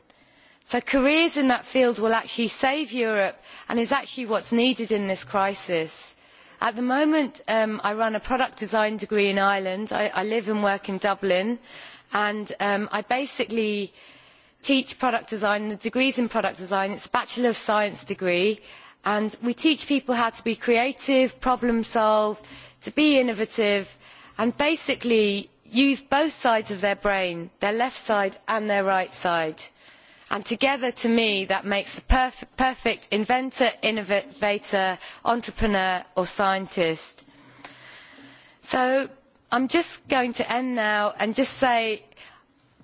so careers in that field will actually save europe and is actually what is needed in this crisis. at the moment um, i run a product design degree in ireland i, I live and work in dublin and um, i basically teach product design and degrees in product design it is a bachelor of science degree and we teach people how to be creative problem solve to be innovative and basically use both sides of their brain their left side and their right side and together to me that makes the perf perfect inventor innovator entrepreneur or scientist. so i am just going to end now and just say that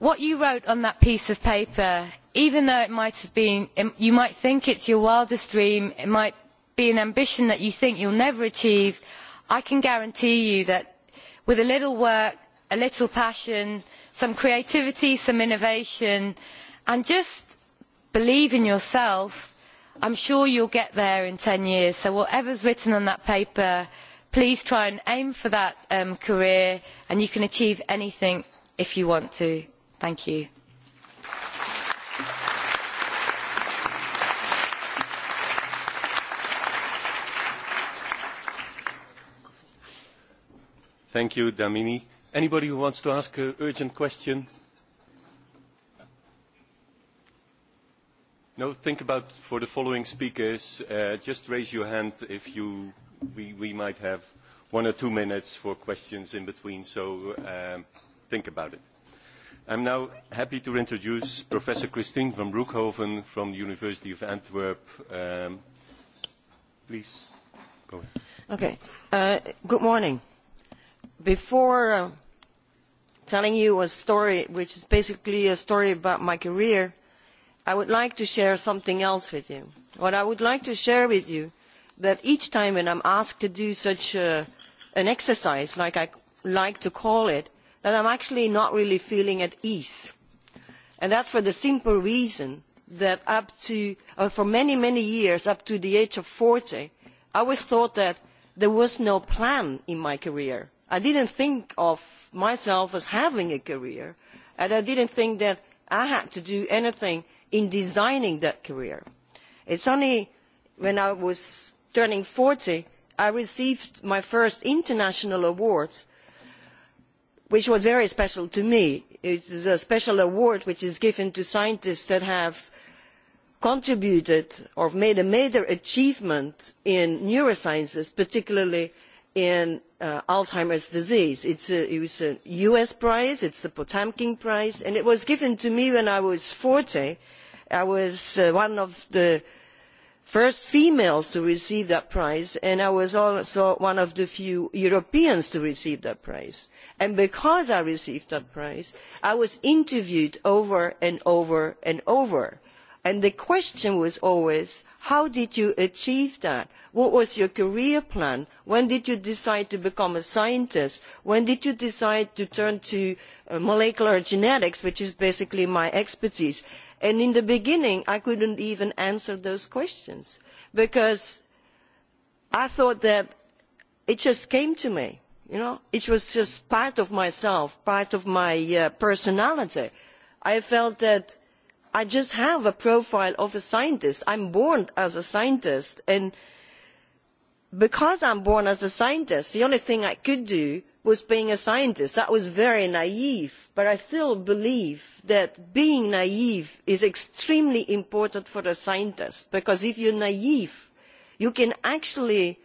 what you wrote on that piece of paper even though it might have been you might think it is your wildest dream it might be an ambition that you think you will never achieve i can guarantee you that with a little work a little passion some creativity some innovation and just believe in yourself i am sure you will get there in ten years so whatever is written on that paper please try and aim for that um, career and you can achieve anything if you want to. Thank you. Thank you, Damini. Anybody who wants to ask an urgent question? No, think about for the following speakers. Uh, just raise your hand if you, we, we might have one or two minutes for questions in between, so um, think about it. I am now happy to introduce Professor Christine van Broekhoven from the University of Antwerp. Um, please, go ahead. Okay. Uh, good morning. Before uh, telling you a story, which is basically a story about my career, I would like to share something else with you. What I would like to share with you that each time when I am asked to do such a, uh, an exercise, like I like to call it, that I am actually not really feeling at ease. And that is for the simple reason that up to, uh, for many, many years, up to the age of forty, I was thought that there was no plan in my career. I didn't think of myself as having a career, and I didn't think that I had to do anything in designing that career. It is only when I was turning forty I received my first international award which was very special to me. it is a special award which is given to scientists that have contributed or made a major achievement in neurosciences particularly in uh, alzheimer's disease. A, it was a us prize it is the potemkin prize and it was given to me when i was forty i was uh, one of the first females to receive that prize and i was also one of the few europeans to receive that prize and because i received that prize i was interviewed over and over and over and the question was always how did you achieve that what was your career plan when did you decide to become a scientist when did you decide to turn to uh, molecular genetics which is basically my expertise etc. And in the beginning, I couldn't even answer those questions because I thought that it just came to me. You know, it was just part of myself, part of my uh, personality. I felt that I just have a profile of a scientist. I am born as a scientist, and because I am born as a scientist, the only thing I could do was being a scientist. That was very naive but i still believe that being naive is extremely important for a scientist because if you are naive you can actually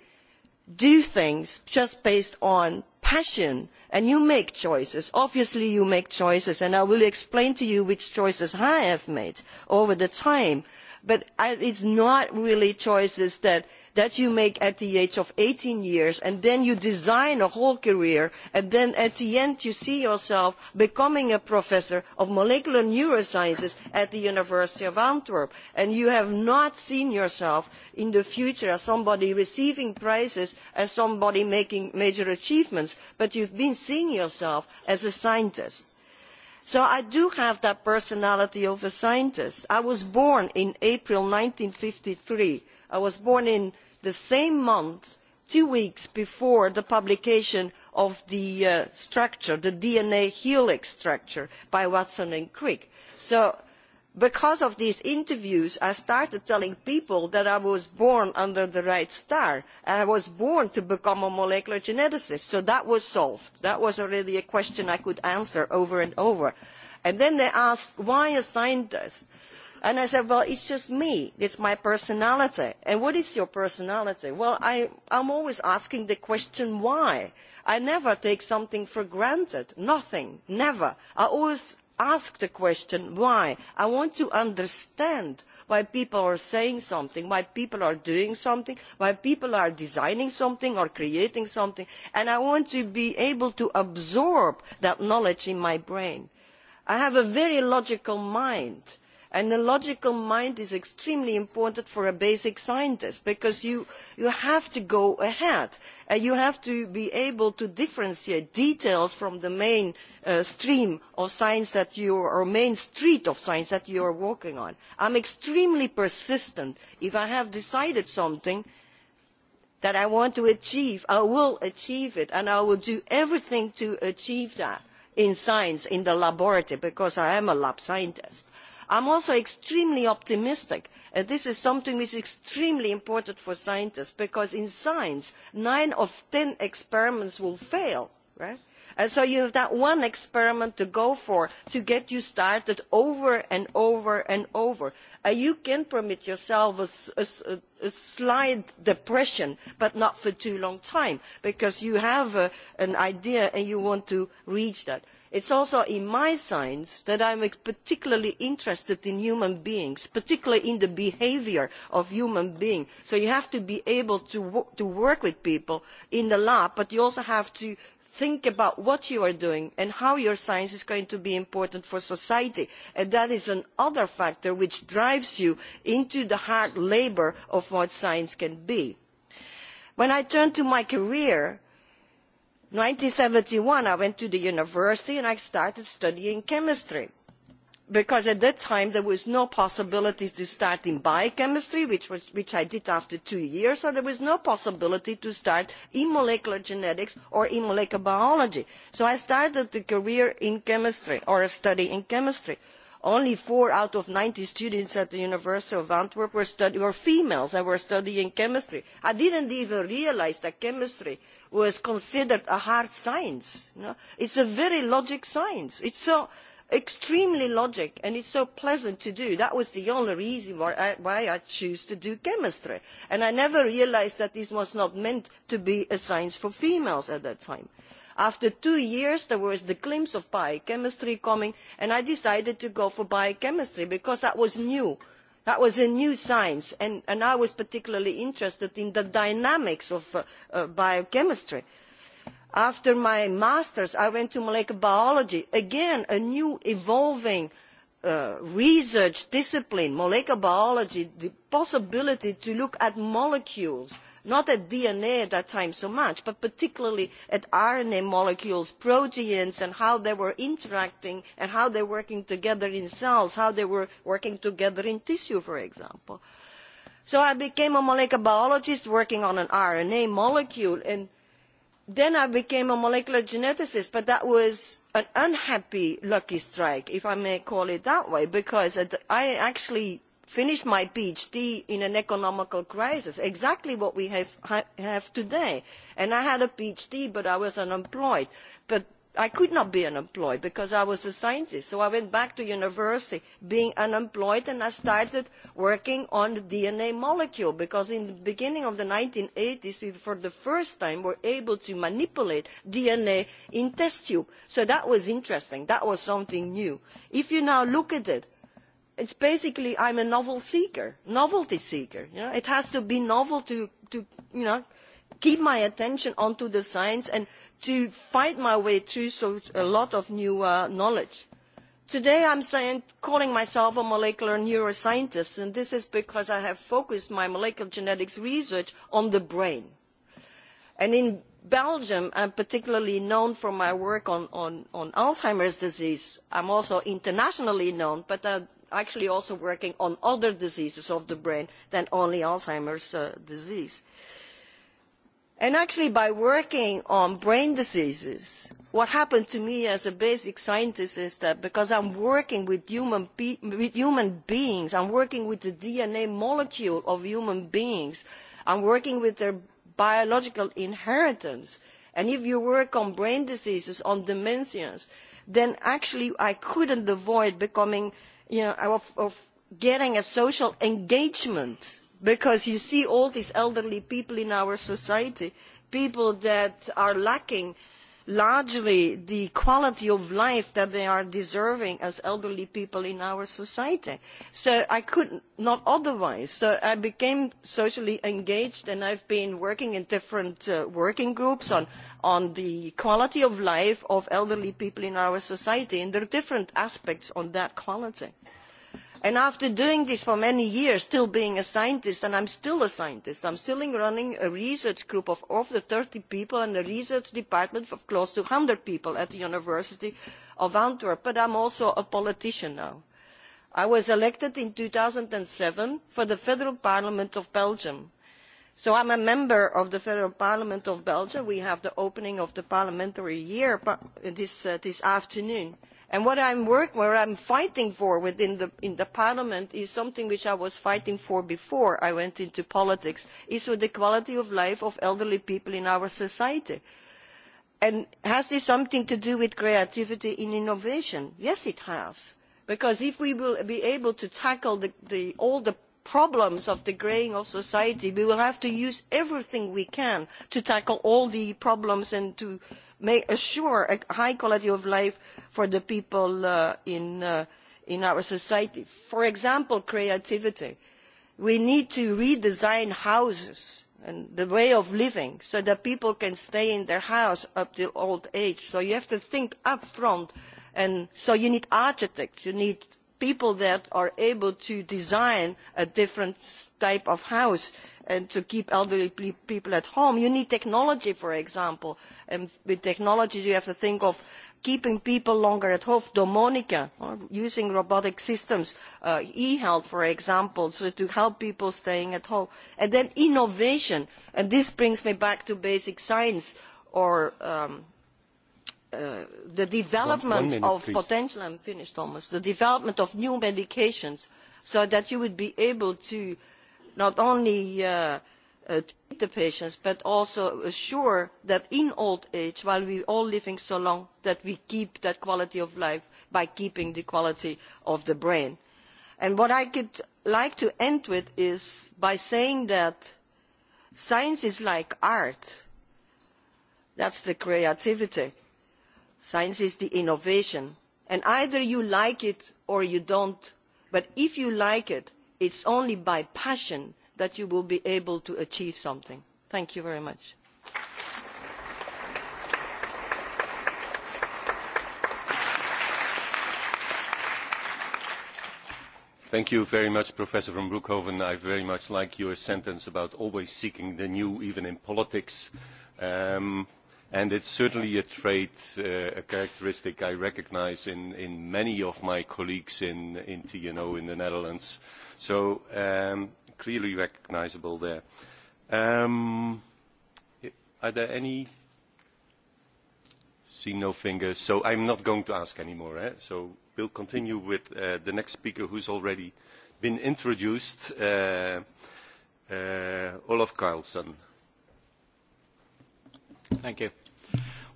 do things just based on passion and you make choices obviously you make choices and i will explain to you which choices i have made over the time but it is not really choices that that you make at the age of eighteen years and then you design a whole career and then at the end you see yourself becoming a professor of molecular neurosciences at the university of antwerp and you have not seen yourself in the future as somebody receiving prizes as somebody making major achievements but you have been seeing yourself as a scientist so i do have that personality of a scientist. i was born in april one thousand nine hundred and fifty three i was born in the same month two weeks before the publication of the uh, structure the dna helix structure by watson and crick. so because of these interviews i started telling people that i was born under the right star and i was born to become a molecular geneticist so that was solved. that was already a question i could answer over and over. And then they asked why a scientist? And I said, well, it's just me. It's my personality. And what is your personality? Well, I, I'm always asking the question why. I never take something for granted. Nothing. Never. I always ask the question why. I want to understand why people are saying something, why people are doing something, why people are designing something or creating something. And I want to be able to absorb that knowledge in my brain. I have a very logical mind and a logical mind is extremely important for a basic scientist because you, have to go ahead and you have to be able to differentiate details from the main uh, stream of science that you or main street of science that you are walking on. i am extremely persistent. if i have decided something that i want to achieve i will achieve it and i will do everything to achieve that in science in the laboratory because i am a lab scientist i am also extremely optimistic and uh, this is something which is extremely important for scientists because in science nine out of ten experiments will fail right? and so you have that one experiment to go for to get you started over and over and over and uh, you can permit yourself a, slight depression but not for too long time because you have uh, an idea and you want to reach that it is also in my science that i am particularly interested in human beings particularly in the behaviour of human beings so you have to be able to, work with people in the lab but you also have to think about what you are doing and how your science is going to be important for society and that is another factor which drives you into the hard labour of what science can be. when i turn to my career seventy one i went to the university and i started studying chemistry because at that time there was no possibility to start in biochemistry which, was, which i did after two years so there was no possibility to start in molecular genetics or in molecular biology so i started a career in chemistry or a study in chemistry only four out of ninety students at the university of antwerp were, were females and were studying chemistry. i did not even realise that chemistry was considered a hard science. You know? it is a very logic science. it is so extremely logic and it is so pleasant to do. that was the only reason why i, why I chose to do chemistry and i never realised that this was not meant to be a science for females at that time after two years there was the glimpse of biochemistry coming and i decided to go for biochemistry because that was new that was a new science and, i was particularly interested in the dynamics of uh, uh, biochemistry. after my masters i went to molecular biology again a new evolving uh, research discipline molecular biology the possibility to look at molecules not at dna at that time so much but particularly at rna molecules proteins and how they were interacting and how they were working together in cells how they were working together in tissue for example. so i became a molecular biologist working on an rna molecule and then i became a molecular geneticist but that was an unhappy lucky strike if i may call it that way because i actually finish my phd in an economic crisis exactly what we have, have today and i had a phd but i was unemployed but i could not be unemployed because i was a scientist so i went back to university being unemployed and i started working on the dna molecule because in the beginning of the one thousand nine hundred and eighty s we for the first time were able to manipulate dna in test tubes so that was interesting that was something new. if you now look at it it's basically I'm a novel seeker, novelty seeker. You know? It has to be novel to, to you know, keep my attention onto the science and to fight my way through so a lot of new uh, knowledge. Today I'm saying, calling myself a molecular neuroscientist, and this is because I have focused my molecular genetics research on the brain. And in belgium i am particularly known for my work on, on, on alzheimer's disease. i am also internationally known but i uh, actually also working on other diseases of the brain than only Alzheimer's uh, disease. And actually, by working on brain diseases, what happened to me as a basic scientist is that because I'm working with human, be with human beings, I'm working with the DNA molecule of human beings, I'm working with their biological inheritance. And if you work on brain diseases, on dementias, then actually I couldn't avoid becoming you know, of, of getting a social engagement because you see all these elderly people in our society, people that are lacking largely the quality of life that they are deserving as elderly people in our society. So I could not otherwise. So I became socially engaged and I have been working in different uh, working groups on, on, the quality of life of elderly people in our society and there are different aspects on that quality and after doing this for many years still being a scientist and i am still a scientist i am still running a research group of over thirty people and a research department of close to one hundred people at the university of antwerp but i am also a politician now. i was elected in two thousand and seven for the federal parliament of belgium so i am a member of the federal parliament of belgium we have the opening of the parliamentary year uh, this, afternoon And what I'm working what I'm fighting for within the, in the parliament is something which I was fighting for before I went into politics, is with the quality of life of elderly people in our society. And has this something to do with creativity and innovation? Yes, it has. Because if we will be able to tackle the, the, all the problems of degrading of society we will have to use everything we can to tackle all the problems and to make, assure a high quality of life for the people uh, in, uh, in our society. for example creativity we need to redesign houses and the way of living so that people can stay in their house up to old age so you have to think up front and so you need architects you need people that are able to design a different type of house and to keep elderly people at home. You need technology, for example. And with technology, you have to think of keeping people longer at home, domonica, or uh, using robotic systems, uh, e-health, for example, so to help people staying at home. And then innovation. And this brings me back to basic science or um, Uh, the development minute, of potential I am finished almost the development of new medications so that you would be able to not only uh, uh, treat the patients but also assure that in old age while we are all living so long that we keep that quality of life by keeping the quality of the brain. And what I could like to end with is by saying that science is like art. That's the creativity Science is the innovation. And either you like it or you don't. But if you like it, it is only by passion that you will be able to achieve something. Thank you very much. Thank you very much, Professor van Broekhoven. I very much like your sentence about always seeking the new, even in politics. Um, and it is certainly a trait uh, a characteristic i recognise in, in many of my colleagues in, in tno in the netherlands so um, clearly recognisable there. Um, are there any see no fingers so i am not going to ask any more eh? so we will continue with uh, the next speaker who has already been introduced uh, uh olaf carlson. Thank you.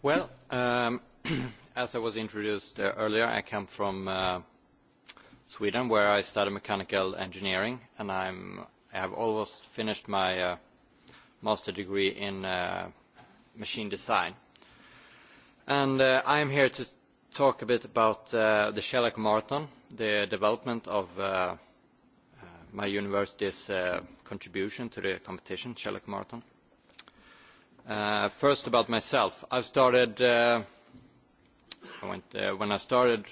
Well, um, as I was introduced uh, earlier, I come from uh, Sweden, where I studied mechanical engineering, and I'm, I have almost finished my uh, master degree in uh, machine design. And uh, I am here to talk a bit about uh, the Shellac Marathon, the development of uh, uh, my university's uh, contribution to the competition, Shellac Marathon. Uh, first about myself. I started uh, I went, uh, when I started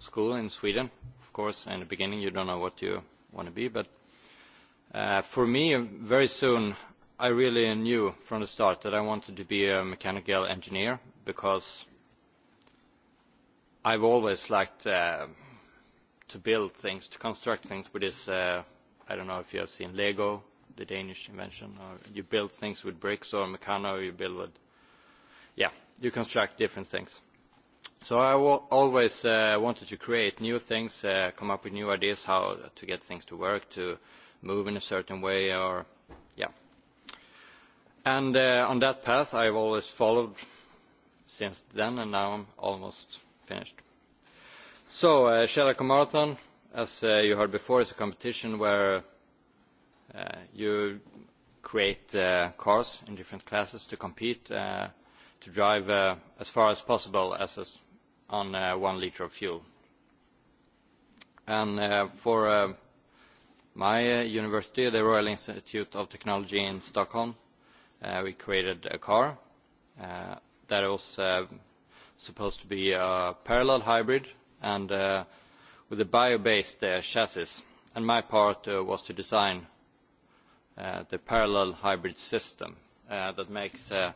school in Sweden, of course, in the beginning you don't know what you want to be, but uh, for me, very soon, I really knew from the start that I wanted to be a mechanical engineer because I've always liked uh, to build things, to construct things with this, uh, I don't know if you have seen Lego the Danish invention, or you build things with bricks or mechano, or you build with, yeah, you construct different things. So I w always uh, wanted to create new things, uh, come up with new ideas how to get things to work, to move in a certain way, or yeah. And uh, on that path, I've always followed since then, and now I'm almost finished. So uh, Shellac Marathon, as uh, you heard before, is a competition where Uh, you create uh cars in different classes to compete uh to drive uh as far as possible as, as on uh, one liter of fuel. And uh for uh my uh, university, the Royal Institute of Technology in Stockholm, uh we created a car uh that was uh supposed to be a parallel hybrid and uh with a bio-based uh chassis. And my part uh was to design uh, the parallel hybrid system uh, that makes uh,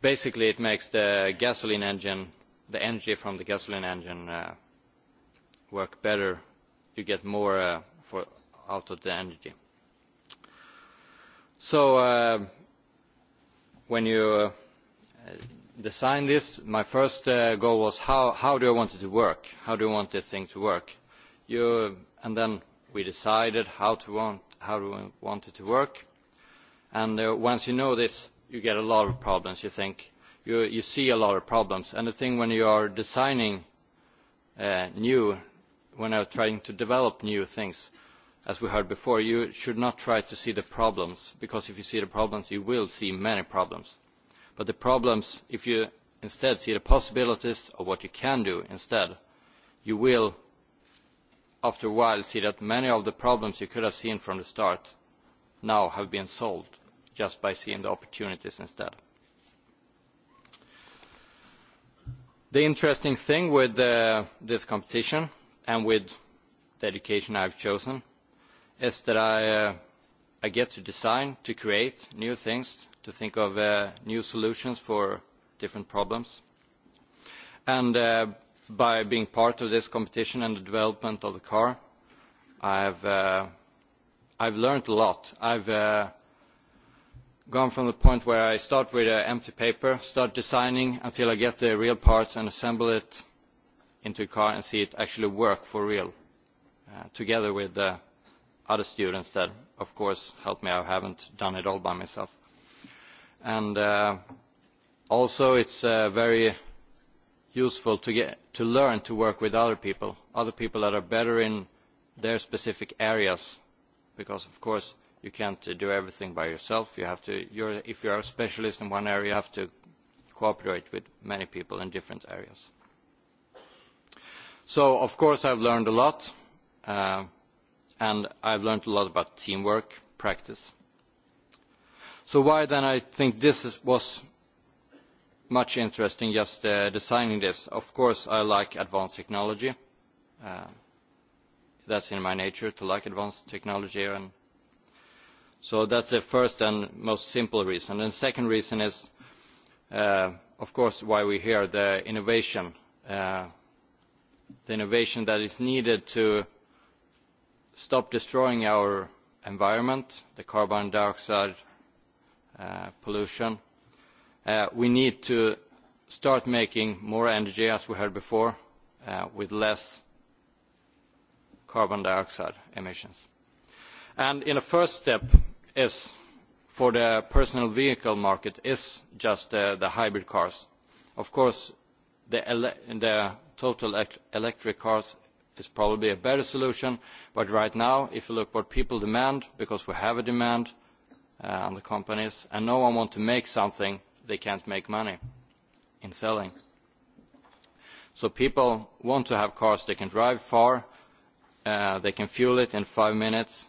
basically it makes the gasoline engine the energy from the gasoline engine uh, work better you get more uh, for out of the energy so uh, when you uh, design this my first uh, goal was how, how do i want it to work how do i want the thing to work you, and then we decided how to want how do we want it to work? And uh, once you know this, you get a lot of problems, you think. You, you see a lot of problems. And the thing when you are designing uh, new, when you are trying to develop new things, as we heard before, you should not try to see the problems, because if you see the problems, you will see many problems. But the problems, if you instead see the possibilities of what you can do instead, you will after a while see that many of the problems you could have seen from the start now have been solved just by seeing the opportunities instead. The interesting thing with uh, this competition and with the education I have chosen is that I, uh, I get to design, to create new things, to think of uh, new solutions for different problems. And uh, by being part of this competition and the development of the car. I've, uh, I've learned a lot. I've uh, gone from the point where I start with an empty paper, start designing until I get the real parts and assemble it into a car and see it actually work for real, uh, together with the uh, other students that, of course, helped me. I haven't done it all by myself. And uh, also, it's uh, very useful to, get, to learn to work with other people, other people that are better in their specific areas, because of course you can't uh, do everything by yourself. You have to, you're, if you are a specialist in one area, you have to cooperate with many people in different areas. So of course I've learned a lot, uh, and I've learned a lot about teamwork, practice. So why then I think this is, was much interest in just uh, designing this. Of course, I like advanced technology. Uh, that's in my nature to like advanced technology. And so that's the first and most simple reason. And the second reason is, uh, of course, why we hear the innovation, uh, the innovation that is needed to stop destroying our environment, the carbon dioxide uh, pollution, Uh, we need to start making more energy, as we heard before, uh, with less carbon dioxide emissions. And in a first step is for the personal vehicle market is just uh, the hybrid cars. Of course, the, the total electric cars is probably a better solution, but right now, if you look at what people demand, because we have a demand on the companies, and no one wants to make something they can't make money in selling. So people want to have cars they can drive far, uh, they can fuel it in five minutes,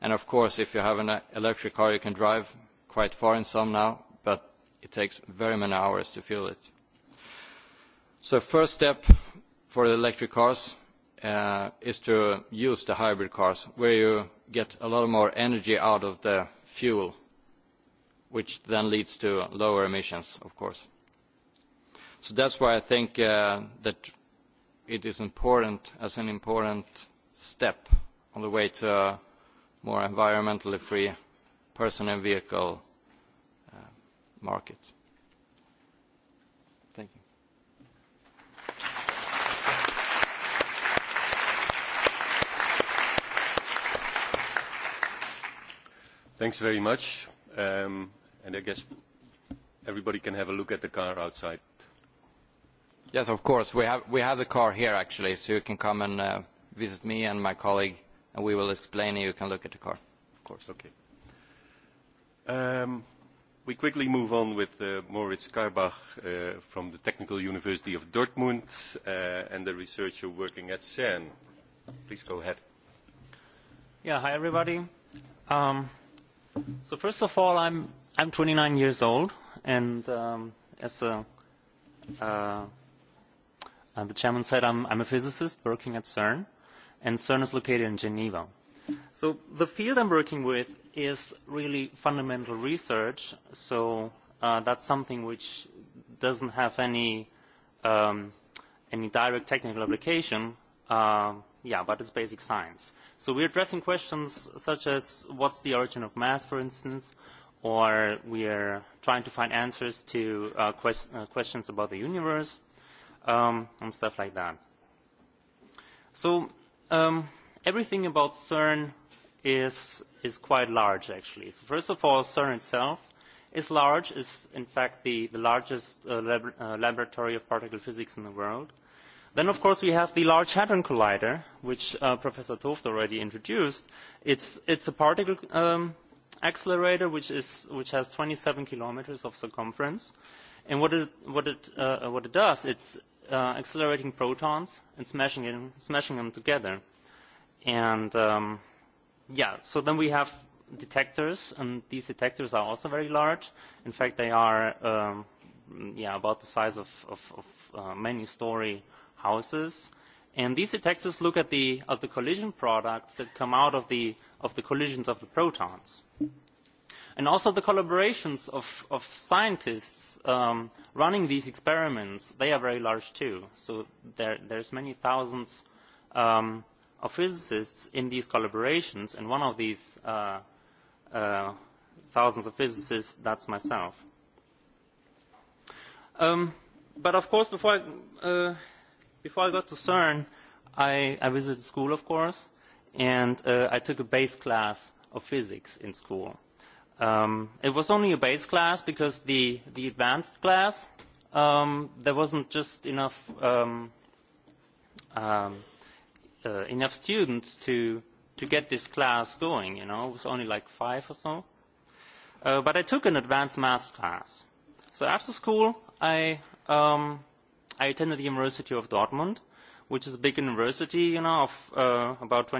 and of course if you have an uh, electric car you can drive quite far in some now, but it takes very many hours to fuel it. So first step for the electric cars uh, is to use the hybrid cars where you get a lot more energy out of the fuel which then leads to lower emissions, of course. So That's why I think uh, that it is important as an important step on the way to a more environmentally free person and vehicle uh, market. Thanks very much. Um, and I guess everybody can have a look at the car outside. Yes, of course. We have, we have the car here, actually, so you can come and uh, visit me and my colleague, and we will explain, and you can look at the car, of course. Okay. Um, we quickly move on with uh, Moritz Karbach uh, from the Technical University of Dortmund uh, and the researcher working at CERN. Please go ahead. Yeah, hi, everybody. Um, so first of all, I'm i am twenty nine years old and um, as uh, uh, the chairman said I'm, I'm a physicist working at CERN and CERN is located in Geneva. So the field I'm working with is really fundamental research so uh, that's something which doesn't have any, um, any direct technical application but uh, yeah, but it's basic science. So we're addressing questions such as what's the origin of mass, for instance, or we are trying to find answers to uh, quest uh, questions about the universe um, and stuff like that. So um, everything about CERN is, is quite large, actually. So first of all, CERN itself is large, is in fact the, the largest uh, lab uh, laboratory of particle physics in the world. Then, of course, we have the Large Hadron Collider, which uh, Professor Toft already introduced. It's, it's a particle um, accelerator which, is, which has twenty seven kilometres of circumference and what it, what it, uh, uh, what it does is uh, accelerating protons and smashing, smashing them together. And um, yeah, so then we have detectors, and these detectors are also very large. In fact, they are um, yeah, about the size of, of, of uh, many-story houses. And these detectors look at the, at the collision products that come out of the of the collisions of the protons. And also the collaborations of, of scientists um, running these experiments, they are very large too. So there, there's many thousands um, of physicists in these collaborations, and one of these uh, uh, thousands of physicists, that's myself. Um, but of course, before I, uh, before I got to CERN, I, I visited school, of course, and uh, I took a base class of physics in school. Um, it was only a base class because the, the advanced class, um, there wasn't just enough, um, um, uh, enough students to, to get this class going, you know. It was only like five or so. Uh, but I took an advanced maths class. So after school, I, um, I attended the University of Dortmund, which is a big university you know, of uh, about